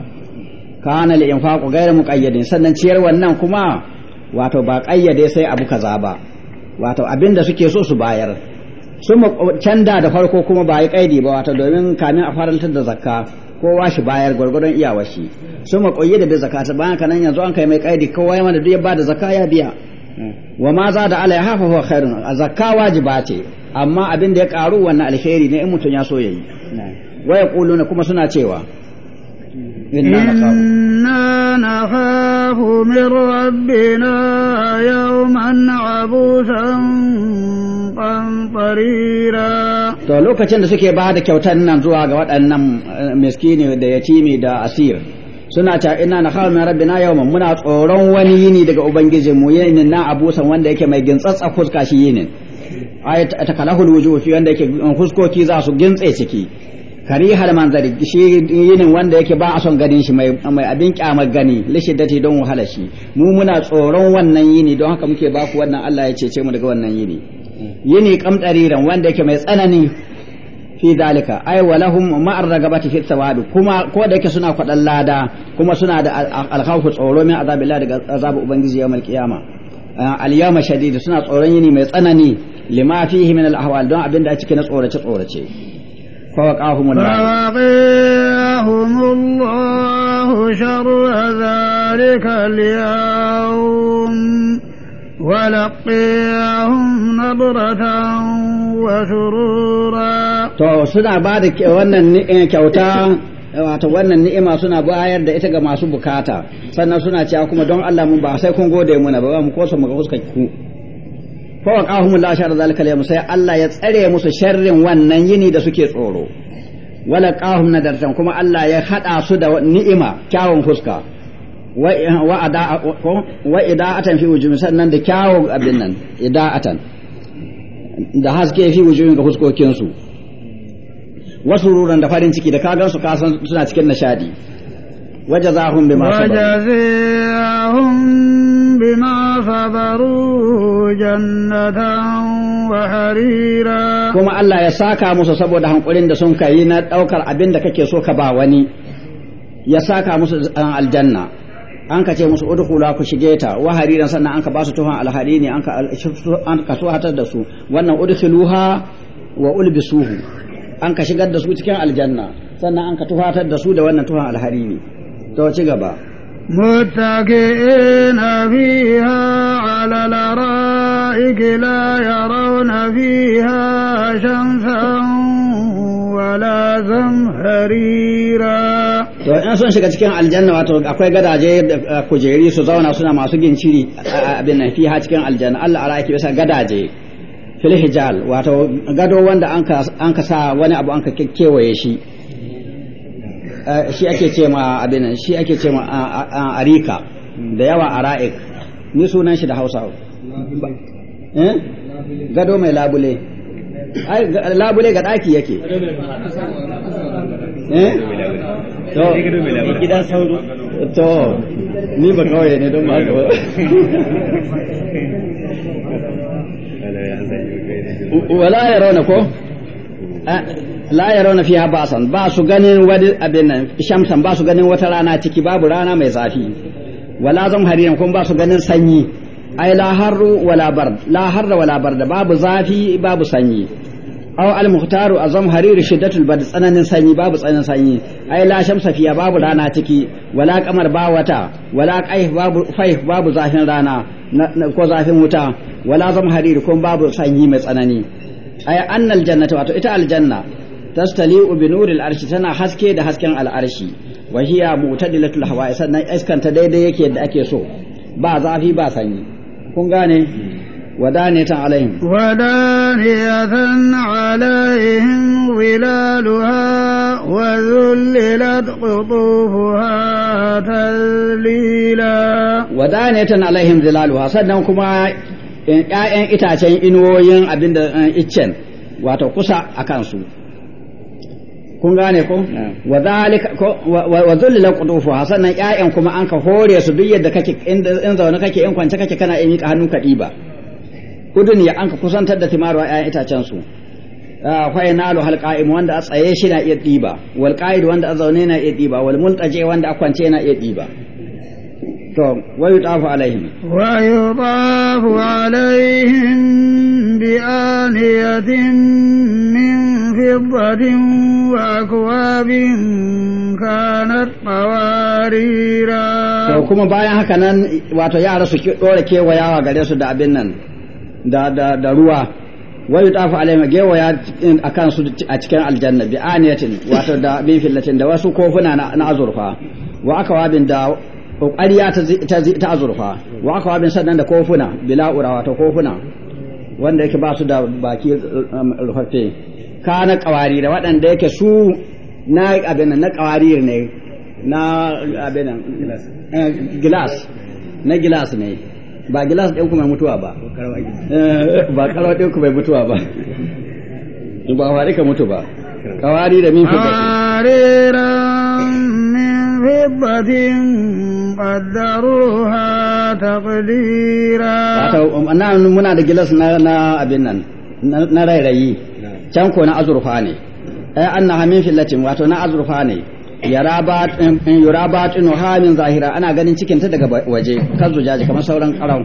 [SPEAKER 1] kana li infaqu ghayra muqayyadin sannan ciyar wannan kuma wato ba kayyade sai abu kaza ba wato abinda suke so su bayar sun canda da farko kuma ba yi kaidi ba wato domin kamin a farantar da zakka kowa shi bayar gwargwadon iyawar shi sun maƙoyi da zaka zakata bayan kanan yanzu an kai mai kaidi kowa yana da duk ya bada da zaka ya biya wa ma za da ala ya hafa huwa khairun a zakka wajiba ce amma abin da ya karu wannan alheri ne in mutum ya so ya yayi wa yaquluna kuma suna cewa
[SPEAKER 2] إنا نخاف من ربنا يوما عبوسا قمطريرا
[SPEAKER 1] to lokacin da suke ba da kyautar nan zuwa ga waɗannan eh, miskini da yatimi da asir suna ta ina na khalu min na yawman muna tsoron wani yini daga ubangijinmu yinin na abusan wanda yake mai gintsatsa fuska shi yinin ayat takalahul wujuh wanda yake eh, fuskoki za su gintse ciki karihar manzari shi yinin wanda yake ba a son ganin shi mai abin kyamar gani lishiddati don wahala shi mu muna tsoron wannan yini don haka muke baku wannan Allah ya cece mu daga wannan yini yini kamtariran wanda yake mai tsanani fi zalika ay walahum ma'ar ragabati fi thawabi kuma ko da yake suna kwadan lada kuma suna da alkhawfu tsoro min azabillahi daga azabu ubangiji yawmal qiyama al yawma shadid suna tsoron yini mai tsanani lima fihi min al ahwal don abinda a na tsorace tsorace فوقاهم الله
[SPEAKER 2] فوقاهم الله شر ذلك اليوم ولقياهم نظرة وسرورا
[SPEAKER 1] to suna ba da wannan eh, kyauta wato wannan ni'ima suna bayar da ita ga masu bukata sannan suna cewa kuma don Allah mun ba sai kun gode muna ba mu kosa mu ga fuskar ku fawon ahumun la shar zalika al sai Allah ya tsare musu sharrin wannan yini da suke tsoro wala qahum nadartan kuma Allah ya hada su da ni'ima kyawun fuska wa ada wa ida'atan fi wujuhi sannan da kyawun abin nan ida'atan da haske fi wujuhin ga fuskokin su wasu ruran da farin ciki da kagan su kasan suna cikin nishadi wajazahum bima sabaru
[SPEAKER 2] wajazahum بما صبروا جنة وحريرا
[SPEAKER 1] كما الله يساكا موسى سبو دهن قولين ده سنكا ينا أوكر أبين ده كي سوكا باواني يساكا موسى الجنة anka ce musu udkhula ku shige ta wa hariran sannan anka ba su tuhan alharini ne anka anka so hatar da su wannan udkhuluha wa ulbisuhu anka shigar da su cikin aljanna sannan anka tuhatar da su da wannan tuhan alharini to ci gaba متكئين فيها
[SPEAKER 2] على الأرائك لا يرون فيها شمسا ولا زمهريرا
[SPEAKER 1] to in sun shiga cikin aljanna wato akwai gadaje da kujeri su zauna suna masu ginciri abin nan fiha cikin aljanna Allah ala yake bisa gadaje fil hijal wato gado wanda an ka sa wani abu an ka kewaye shi Eh, shi ake ce ma abin shi ake ce ma arika da yawa ara'ik ni sunan shi da Hausa eh gado mai labule labule ga daki yake eh? to ni ba kawai ne don ba ka <laughs> wala ya rauna ko Ah, la yarawna fiha ba'san ba su ganin wani abin nan shamsan ba su ganin wata rana ciki babu rana mai zafi wala zan hariran kuma ba su ganin sanyi ai la harru wala bard la harra wala bard babu zafi babu sanyi aw al muhtaru azam harir shiddatul bard tsananin sanyi babu tsananin sanyi ai la shamsa fiya babu rana ciki wala kamar ba wata wala qaih babu faih babu zafin rana ko zafin wuta wala zam harir kuma babu sanyi mai tsanani ay annal jannata wato ita aljanna tastali'u bi nuril arshi tana haske da hasken al'arshi wa hiya mu'tadilatul hawa'i sannan iskan ta daidai yake da ake so ba zafi ba sanyi kun gane ودانية عليهم ودانية
[SPEAKER 2] عليهم ظلالها وذللت
[SPEAKER 1] قطوفها تذليلا ودانية عليهم ظلالها صدقكم ‘ya'yan eh, itacen inuwoyin abin da eh, iccen wato kusa a kansu. Kun gane ko? Wa zullila kudufu sannan ‘ya'yan kuma an ka hore su duk yadda kake in zaune kake in kwance kake kana in miƙa hannun ka ɗiba. Udun ya an ka kusantar da timarwa ‘ya'yan itacen su. Kwai ah, nalo halƙa'im wanda a tsaye shi na iya ɗiba, wal wanda a zaune na iya ɗiba, wal multaje wanda a kwance na iya ɗiba. to wa yutafu alaihim
[SPEAKER 3] wa
[SPEAKER 2] yutafu alaihim bi aniyatin min fiddatin
[SPEAKER 1] to kuma bayan haka nan wato yara su dore kewayawa gare su da abin nan da da da ruwa wa yutafu alaihim gewaya akan a cikin aljanna bi wato da bin fillatin da wasu kofuna na azurfa wa akwabin da ya ta azurfa wa aka wabin sannan da kofuna bila urawa ta kofuna wanda yake ba su da baki um, rufaffe ka na ƙawari da waɗanda yake su na abin na ƙawari ne na abin glass eh, na glass ne ba glass ɗin kuma mutuwa ba ba karwa ɗin eh, kuma mutuwa ba ba wari ka mutu ba kawari da min fi ƙawari
[SPEAKER 2] فضة قدروها تقديرا
[SPEAKER 1] نعم منا um, da gilas na abin nan na rairayi can ko na azurfa ne ai eh, annaha min wato na azurfa ne yurabat in hamin zahira ana ganin cikinta daga waje kan zujaji kamar sauran karau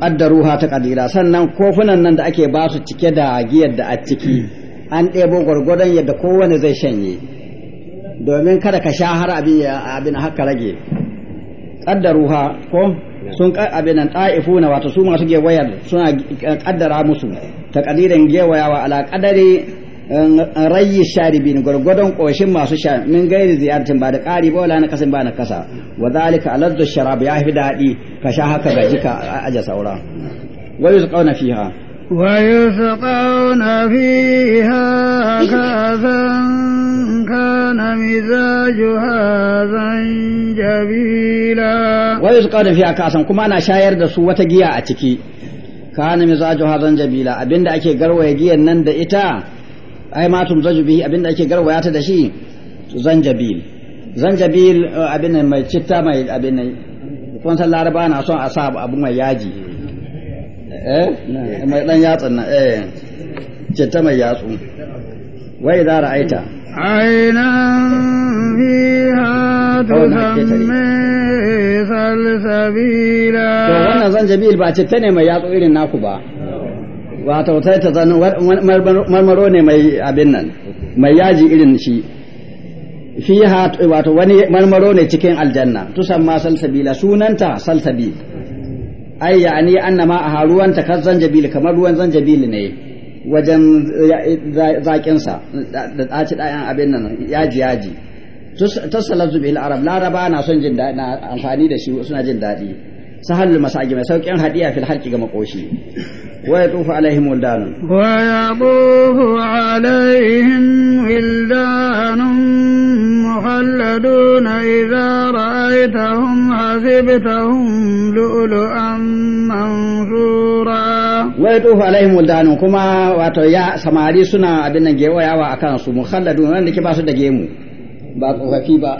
[SPEAKER 1] kaddaruha eh, ta kadira sannan kofunan nan da ake ba su cike da giyar da a ciki an ɗebo gwargwadon yadda kowane zai shanye domin kada ka sha har abin haka rage kaddaruha ko sun abin abinan ta'ifuna wato su masu gewayar suna kaddara musu ta takadirin gewayawa ala kadari um, rayi sharibin gwargwadon koshin masu sha min gairi ziyartin ba da ƙari ba wala na kasin ba na kasa wa zalika aladdu sharab ya fi daɗi ka sha haka ga jika aja saura wa yusqawna fiha
[SPEAKER 2] ويسقون فيها كأسا كان مزاجها زنجبيلا ويسقون
[SPEAKER 1] فيها كأسا كما أنا شاير دسو وتجيا أتكي كان مزاجها زنجبيلا أبين دا أكي قروا يجيا نند إتا أي ما تمزج به أبين دا أكي قروا ياتا دشي زنجبيل زنجبيل أبين ما يتشتا ما يتشتا ما يتشتا laraba na son a ما abu mai yaji Eh? eh mai dan yatsun nan eh citta mai yatsu wai za ra'aita عينا فيها تسمي salsabila? to wannan zan jabil ba citta ne mai yatsu irin naku ba wato sai ta zan marmaro ne mai abin nan mai yaji irin shi fiha wato wani marmaro ne cikin aljanna tusamma salsabila sunanta salsabila ai yani annama a ruwan ta kan zanjabil kamar ruwan zanjabil ne wajen zakin sa da tsaci ɗayan abin nan yaji yaji tasalazzu bil arab laraba na son jin daɗi na amfani da shi suna jin daɗi sahal masaji mai saukin hadiya fil harki ga makoshi wa yatufu alaihim wildan wa
[SPEAKER 2] yabuhu
[SPEAKER 1] alaihim wildanun
[SPEAKER 2] المخلدون إذا رأيتهم حسبتهم لؤلؤا منثورا
[SPEAKER 1] ويطوف عليهم ولدان كما واتو يا سماري سنا أبنا جيوا يا وأكان سو مخلدون أنا كي باسو دجيمو ba tsofaffi ba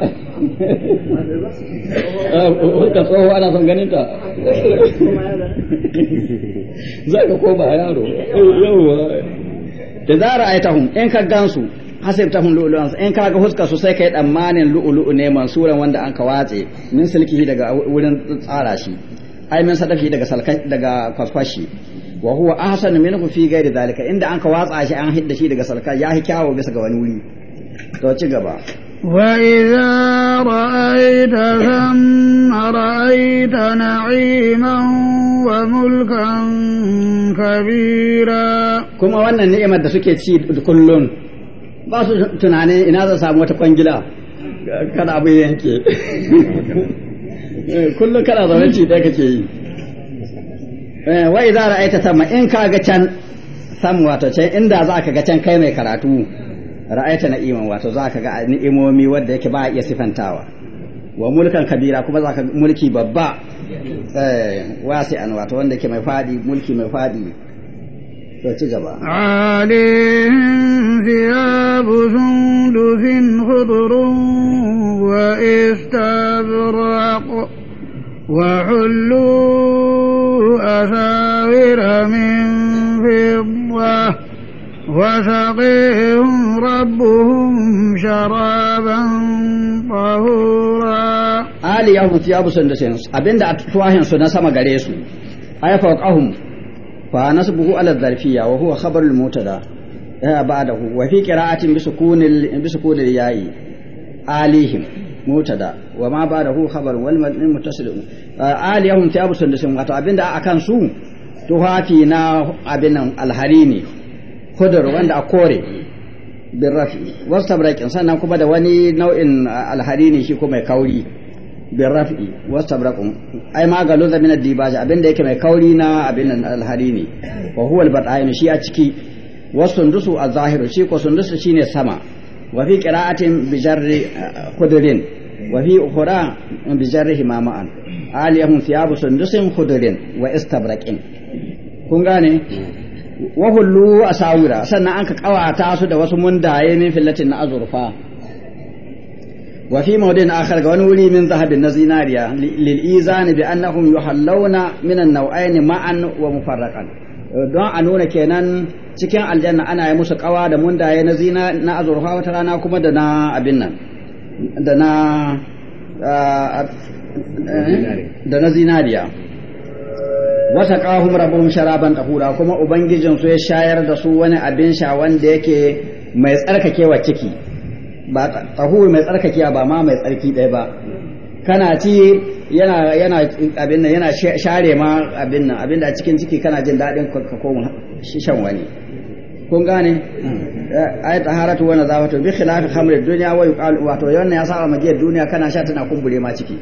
[SPEAKER 1] ka tsoho ana son ganin ta za ka koma yaro yawwa da zara aitahum hasibtahum lu'lu'an in ka ga huska su sai kai tsammanin lu'ulu'u ne mansuran wanda an ka watse min sulki daga wurin tsara shi ai min sadafi daga salkan daga kwaskwashi wa huwa ahsan minhu fi ghairi dalika inda an ka watsa shi an hidda shi daga salka ya hi kyawo bisa ga wani wuri to ci gaba
[SPEAKER 2] وإذا رأيت ثم رأيت نعيما وملكا كبيرا
[SPEAKER 1] كما وانا النعمة da suke ci kullun ba su tunani ina zan samu wata kwangila kada abu yanke eh, kullum kada zaune ci ɗaya kake yi eh, za a ra'aita sama in ka ga can sam wato can inda za ka ga can kai mai karatu ra'aita na'iman wato za ka ga ni'imomi wadda yake ba iya sifantawa wa mulkan kabira kuma za ka mulki babba eh, wasi an wato wanda ke mai fadi mulki mai fadi to ci gaba
[SPEAKER 2] alin thiyabu sundufin khudrun wa istabraq وحلوا أساور من فضة وسقيهم ربهم شرابا
[SPEAKER 1] طهورا آلي يوم ثياب سندسين أبين دا أتواهن سنسا مغريسو أي فوقهم fa nasbuhu ala dharfiyya wa huwa khabar al mutada eh, ba'dahu wa fi qira'atin bi sukun bi sukun al ya'i alihim mutada wa ma ba'dahu khabar wal muttasil eh, alihum tiabu sundusin wato abinda akan su tufafi na abinan alharini ne wanda a kore bin rafi wasu tabrakin sannan kuma da wani nau'in eh, alharini shi kuma mai kauri birrafi wastabraqum ai ma ga luzza min ad abinda yake mai kauri na abin nan alhari ne wa huwa al shi a ciki wasu wasundusu a zahiru shi ko sundusu shine sama wa fi qira'atin bi jarri khudrin wa fi ukhra bi jarri himama'an aliyahum thiyabu sundusin khudrin wa istabraqin kun gane wa hullu asawira sannan an ka kawata su da wasu mundaye min fillatin na azurfa wa fi mawdin akhar ga wani wuri min na zinariya lil izani bi annahum min ma'an wa don a nuna kenan cikin aljanna ana yi musu kawa da mundaye na zina na azurfa wata rana kuma da na abin nan da na da na zinariya wasa kahum rabbuhum sharaban tahura kuma ubangijin su ya shayar da su wani abin sha wanda yake mai tsarkakewa ciki ba tahur mai tsarkake ba ma mai tsarki ɗaya ba kana ci yana yana abin nan yana share ma abin nan abin da cikin ciki kana jin daɗin ka koma shan wani kun gane eh, ayat taharatu wa nazafatu bi khilaf khamr dunya wa yuqal wato wannan ya saba majiyar duniya kana sha tana kumbure ma ciki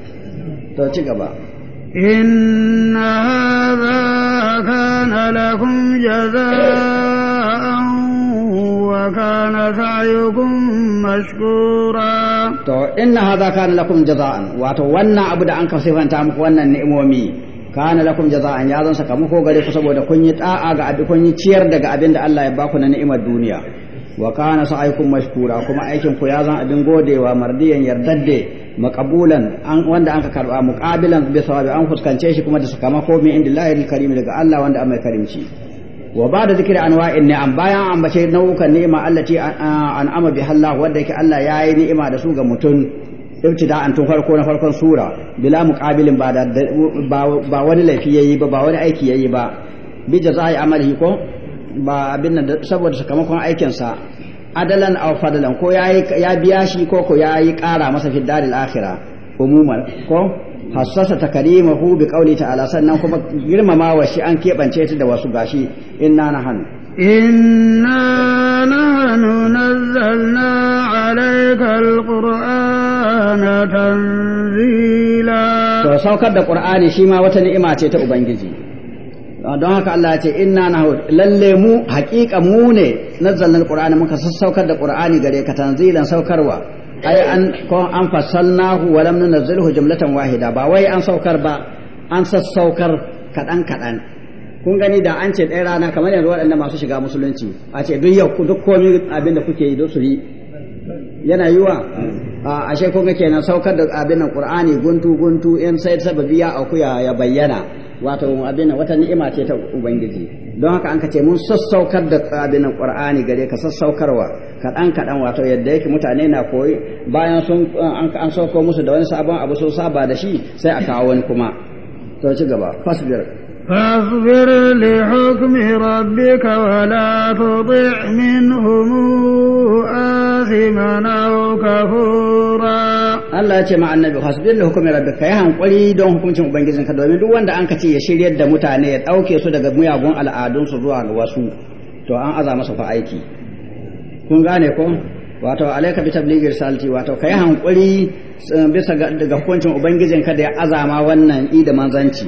[SPEAKER 1] to ci gaba
[SPEAKER 2] إن a kana لكم جزاء وكان سعيكم مشكورا
[SPEAKER 1] تو إن هذا كان لكم جزاء واتو ونا أبدا أنك صفان تامك ونا النئمومي kana lakum jaza'an ya zan saka muku gare ku saboda kun yi da'a ga abin kun yi ciyar daga abin da Allah ya baku na ni'imar duniya wa kana sa'aykum mashkura kuma aikin ku ya zan abin godewa mardiyan yardadde maqabulan an wanda anka karba muqabilan bi an fuskance shi kuma da sakamako inda indillahi karim daga Allah wanda amai karimci wa ba da zikir anwa'in ni'am bayan ambace nau'ukan ni'ima allati an'ama bi Allah wanda yake Allah ya yi ni'ima da su ga mutum ibtida'an tun farko na farkon sura bila muqabilin ba ba wani laifi yayi ba ba wani aiki yayi ba bi jazaa'i amalihi ko ba abin nan saboda sakamakon aikin sa adalan aw fadalan ko ya biya shi ko ko yayi kara masa fi daril akhirah umuman ko hassasa hu bi qawli ta'ala sannan kuma girmamawa shi an keɓance ta da wasu gashi inna nahanu
[SPEAKER 2] inna nahanu nazzalna alayka alqur'ana
[SPEAKER 1] tanzila to saukar da qur'ani shi ma wata ni'ima ce ta ubangiji don haka Allah ya ce inna nahu lalle mu haƙiƙa mu ne nazzalna alqur'ana muka sassaukar da qur'ani gare ka tanzilan saukarwa ai eh. an ko an fasalnahu wa lam nunzilhu jumlatan wahida ba wai an saukar ba an sassaukar kadan kadan kun gani da an ce ɗaya rana kamar yanzu waɗanda masu shiga musulunci a ce duk yau duk komai abin da kuke yi don su yi yana yiwa a ashe kun ga kenan saukar da abin nan qur'ani guntu guntu in sai sababi ya ya bayyana wato abin wata ni'ima ce ta ubangiji don haka an ka ce mun sassaukar da tsabin qur'ani gare ka sassaukarwa kaɗan kaɗan wato yadda yake mutane na koyi bayan sun an sauko musu da wani sabon abu sun saba da shi sai a kawo wani kuma to ci gaba fasbir
[SPEAKER 2] فاصبر لحكم ربك ولا تطع
[SPEAKER 1] منهم آثما أو كفورا Allah ya ce ma annabi hasbin hukumi rabbika ya hankuri don hukuncin ubangijinka domin duk wanda an kace ya shiryar da mutane ya dauke su daga muyagun al'adun su zuwa ga wasu to an aza masa fa aiki kun gane ko wato alayka bi tablighi salati wato kai hankuri eh, bisa ga hukuncin ubangijinka da ya azama wannan i da manzanci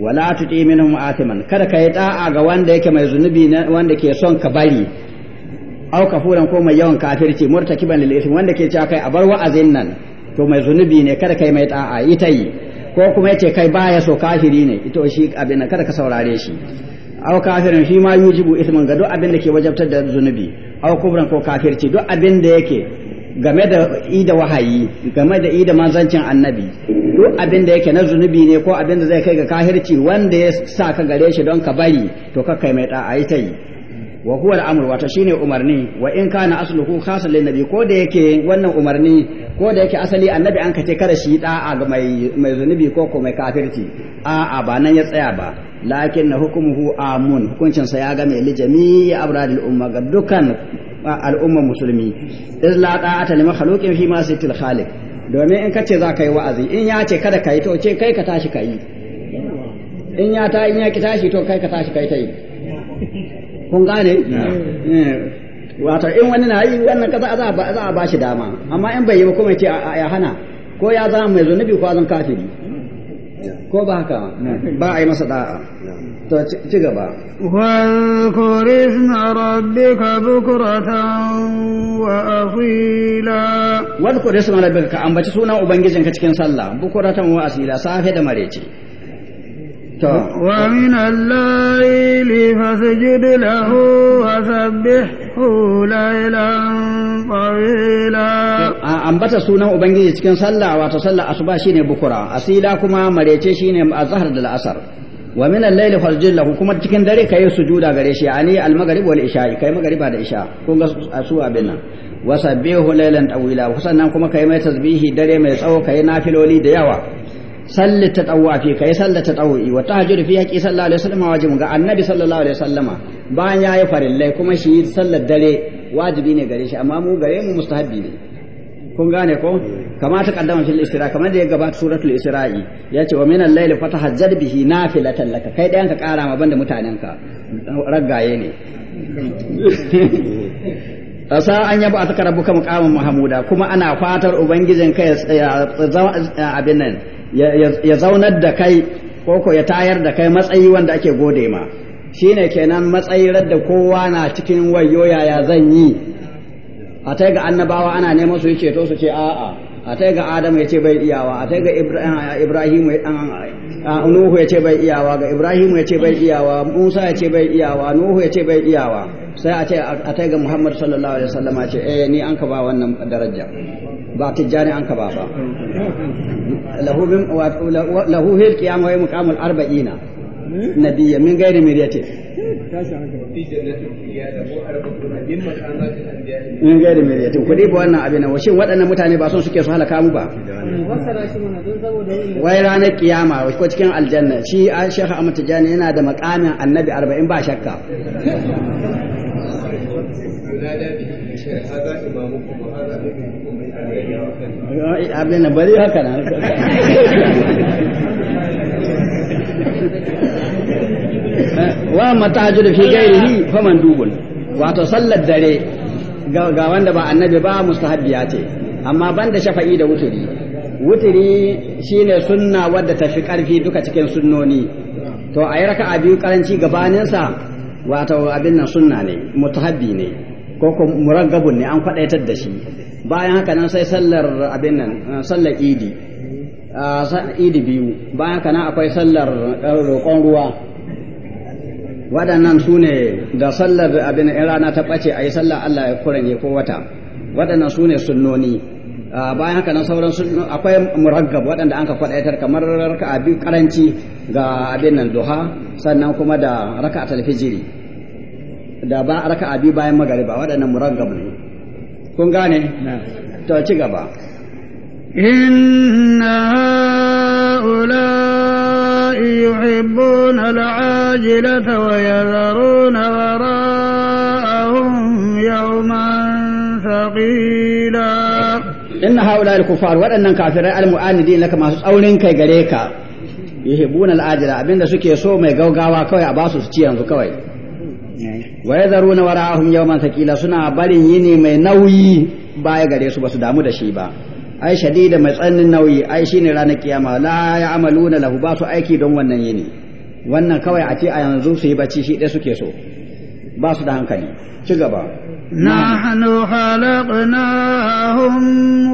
[SPEAKER 1] wala tuti minhum athiman kada kai da'a ga wanda yake mai zunubi wanda ke son ka bari au kafuran ko mai yawan kafirci murtakiban lil wanda ke cewa kai a bar wa'azin nan to mai zunubi ne kada kai mai da'a ita yi ko kuma yace kai baya so kafiri ne ito shi abin kada ka saurare shi aw kafirin shi ma yujibu isman ga duk abin da ke wajabtar da zunubi aw kubran ko kafirci duk abin da yake game da ida wahayi game da ida manzancin annabi duk abin da yake na zunubi ne ko abin da zai kai ga kafirci wanda ya sa ka gare shi don ka bari to kakkai mai da'a ita yi wa huwa al-amr wato shine umarni wa in kana asluhu khasan lin nabi ko da yake wannan umarni ko da yake asali annabi an kace kada shi da'a ga mai mai zunubi ko ko mai kafirci a a ba nan ya tsaya ba lakin na hukumuhu amun hukuncin sa ya game li ya abradil umma ga dukkan al'umma musulmi iz la ta'ata li makhluqin fi ma sitil khaliq domin in kace za ka yi wa'azi in ya ce kada ka yi to ce kai ka tashi ka yi in ya ta in ya ki tashi to kai ka tashi kai ta yi kun gane eh. wato in wani na yi wannan kaza a za a ba shi dama amma in bai yi kuma ce a ya hana ko ya zama mai zunubi ko azan kafiri ko ba haka ba a yi masa da'a to ci gaba rabbi ka bukratan wa asila wadkurisna rabbika ka ambaci sunan ubangijinka cikin sallah bukratan wa asila safe da mareci
[SPEAKER 2] ومن الليل فسجد له وسبحه
[SPEAKER 1] ليلا طويلا ambata sunan Ubangiji, cikin sallah wato sallah asuba shine bukura asila kuma marece shine azhar da al'asar wa min al-layli fasjud lahu kuma cikin dare kai sujuda gare shi ani al-maghrib wal isha kai magriba da isha kun ga su abin nan wasabbihu laylan tawila sannan kuma kai mai tasbihi dare mai tsawo kai nafiloli da yawa salli ta tsawo fi ka yi salli ta tsawo wa ta hajjuri fi haƙi sallallahu alaihi wasallam wajibi ga annabi sallallahu alaihi wasallama bayan ya yi farillai kuma shi yi sallar dare wajibi ne gare shi amma mu gare mu mustahabbi ne kun gane ko kama ta kaddama fil isra kamar da ya gabata suratul isra'i ya ce wa minal layli fatahajjad bihi nafilatan laka kai dayan ka kara ma banda mutanen ka raggaye ne asa an yaba ta karabu kama Mahmuda kuma ana fatar ubangijin kai ya zama abin nan ya zaunar da kai ko ko ya tayar da kai matsayi wanda ake gode ma shine kenan matsayi radda kowa na cikin wayo yaya zan yi a ta ga annabawa ana neman su yi ceto su ce a'a a ta ga adam ya ce bai iyawa a ta ga ibrahim nuhu ya ce bai iyawa ga ibrahim ya ce bai iyawa musa ya ce bai iyawa nuhu ya ce bai iyawa sai a ce a ta ga muhammad sallallahu alaihi wasallam ce eh ni an ka ba wannan daraja ba tijjani an ka ba ba lahu hil arba'ina min min ba wannan abin wa shin waɗannan mutane ba son suke su halaka mu ba wai ranar kiyama ko cikin aljanna shi shekha amma tijjani yana da makamin annabi arba'in ba shakka abin nan bari haka na wa matahajjudu fi faman dubun wato sallar dare ga wanda ba annabi ba mustahabbiya ce amma banda shafa'i da wuturi wuturi shine sunna wadda tafi karfi duka cikin sunnoni to a yi raka'a biyu karanci gabanin sa wato abin nan sunna ne mutahabbi ne ko kuma muragabun ne an kwadaitar da shi bayan haka nan sai sallar abin nan eh, sallar idi ah, idi biyu bayan haka nan akwai sallar eh, roƙon ruwa waɗannan su ne da sallar abin in rana ta ɓace a yi sallar Allah ya kuranye ko wata waɗannan su ne sunnoni ah, bayan haka nan sauran akwai muraggab waɗanda an ka kwaɗaitar kamar a biyu karanci ga abin nan duha sannan kuma da raka a talfijiri da ba a biyu bayan magariba waɗannan muraggab ne kun gane to ci gaba
[SPEAKER 2] inna ula yuhibbuna al'ajilata wa yadharuna wara'ahum yawman thaqila
[SPEAKER 1] inna haula al-kufar waɗannan kafirai al-mu'anidin laka masu tsaurin kai gare ka yuhibbuna al'ajila abinda suke so mai gaugawa kawai a basu su ci yanzu kawai wa yadharuna yau yawman kila suna barin yini mai nauyi baya gare su basu damu da shi ba ai da mai tsannin nauyi ai shine ranar kiyama la ya na lahu ba su aiki don wannan yini wannan kawai a ce a yanzu su yi bacci shi ɗaya suke so ba su da hankali ci gaba
[SPEAKER 2] نحن خلقناهم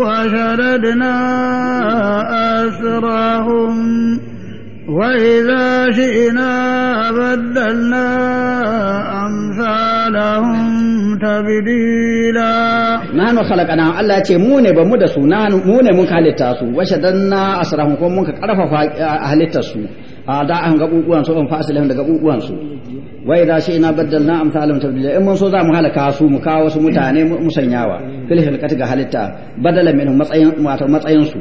[SPEAKER 2] وشردنا أسرهم وإذا
[SPEAKER 1] شئنا بدلنا أمثالهم تبديلا ما خلقنا الله يتي موني بمودة سنان موني منك أهل التاسو وشدنا أسرهم كون منك أرفا أهل التاسو da an ga ƙuƙuwan su an fasa lahun daga ƙuƙuwan su wai da shi ina baddal na amsalin in mun so za mu halaka su mu kawo su mutane mu sanyawa filhil kati ga halitta badala min matsayin matsayin su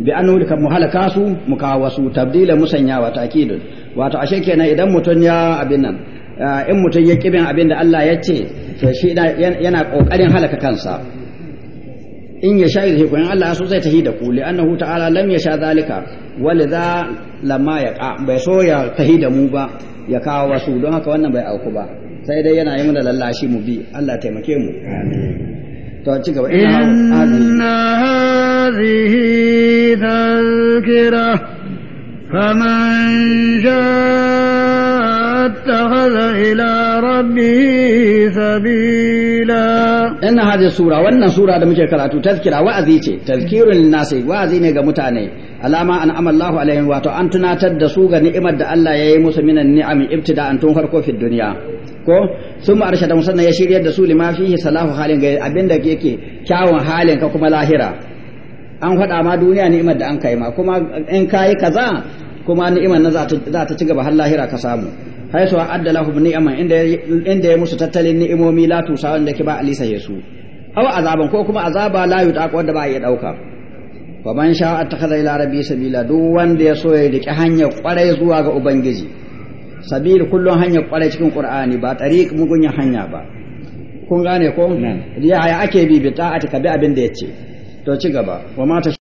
[SPEAKER 1] bi an nulika mu halaka su mu kawo tabdila musanya wa ta'kidun wato ashe kenan idan mutun ya abin nan in mutun ya kibin abin da Allah ya ce to shi yana kokarin halaka kansa in ya sha yake ko in Allah so zai tahi da ku annahu ta'ala lam sha zalika walidha lamma yaqa bai so ya tahi da mu ba ya kawo wasu don haka wannan bai auku ba sai dai yana yi mana lallashi mu bi Allah taimake mu amin to ci gaba inna
[SPEAKER 2] hadhihi tadhkira faman jaa ittakhadha ila rabbihi sabila
[SPEAKER 1] inna hadhihi sura wannan sura da muke karatu taskira wa'azi ce tazkirun nasi wa'azi ne ga mutane alama an amallahu alaihim wato an tunatar da su ga ni'imar da Allah ya yi musu minan ni'am ibtida'an tun farko fi duniya ko sun ma arshada musanna ya shiryar da su lima fihi salahu halin ga abinda yake kyawun halin ka kuma lahira an faɗa ma duniya ni'imar da an kai ma kuma in kayi kaza kuma ni'imar na za ta ci gaba har lahira ka samu haisu adda lahum ni'aman inda inda ya musu tattalin ni'imomi la tusa wanda ke ba alisa yesu aw azaban ko kuma azaba la ko wanda ba ya dauka wa man sha'a attakhadha ila rabbi sabila duk wanda ya so ya riƙe hanyar kwarai zuwa ga ubangiji sabil kullun hanya kwarai cikin qur'ani ba tariq mugunya hanya ba kun gane ko riya ake bi bi ta'ati ka bi abin da yace to ci gaba wa mata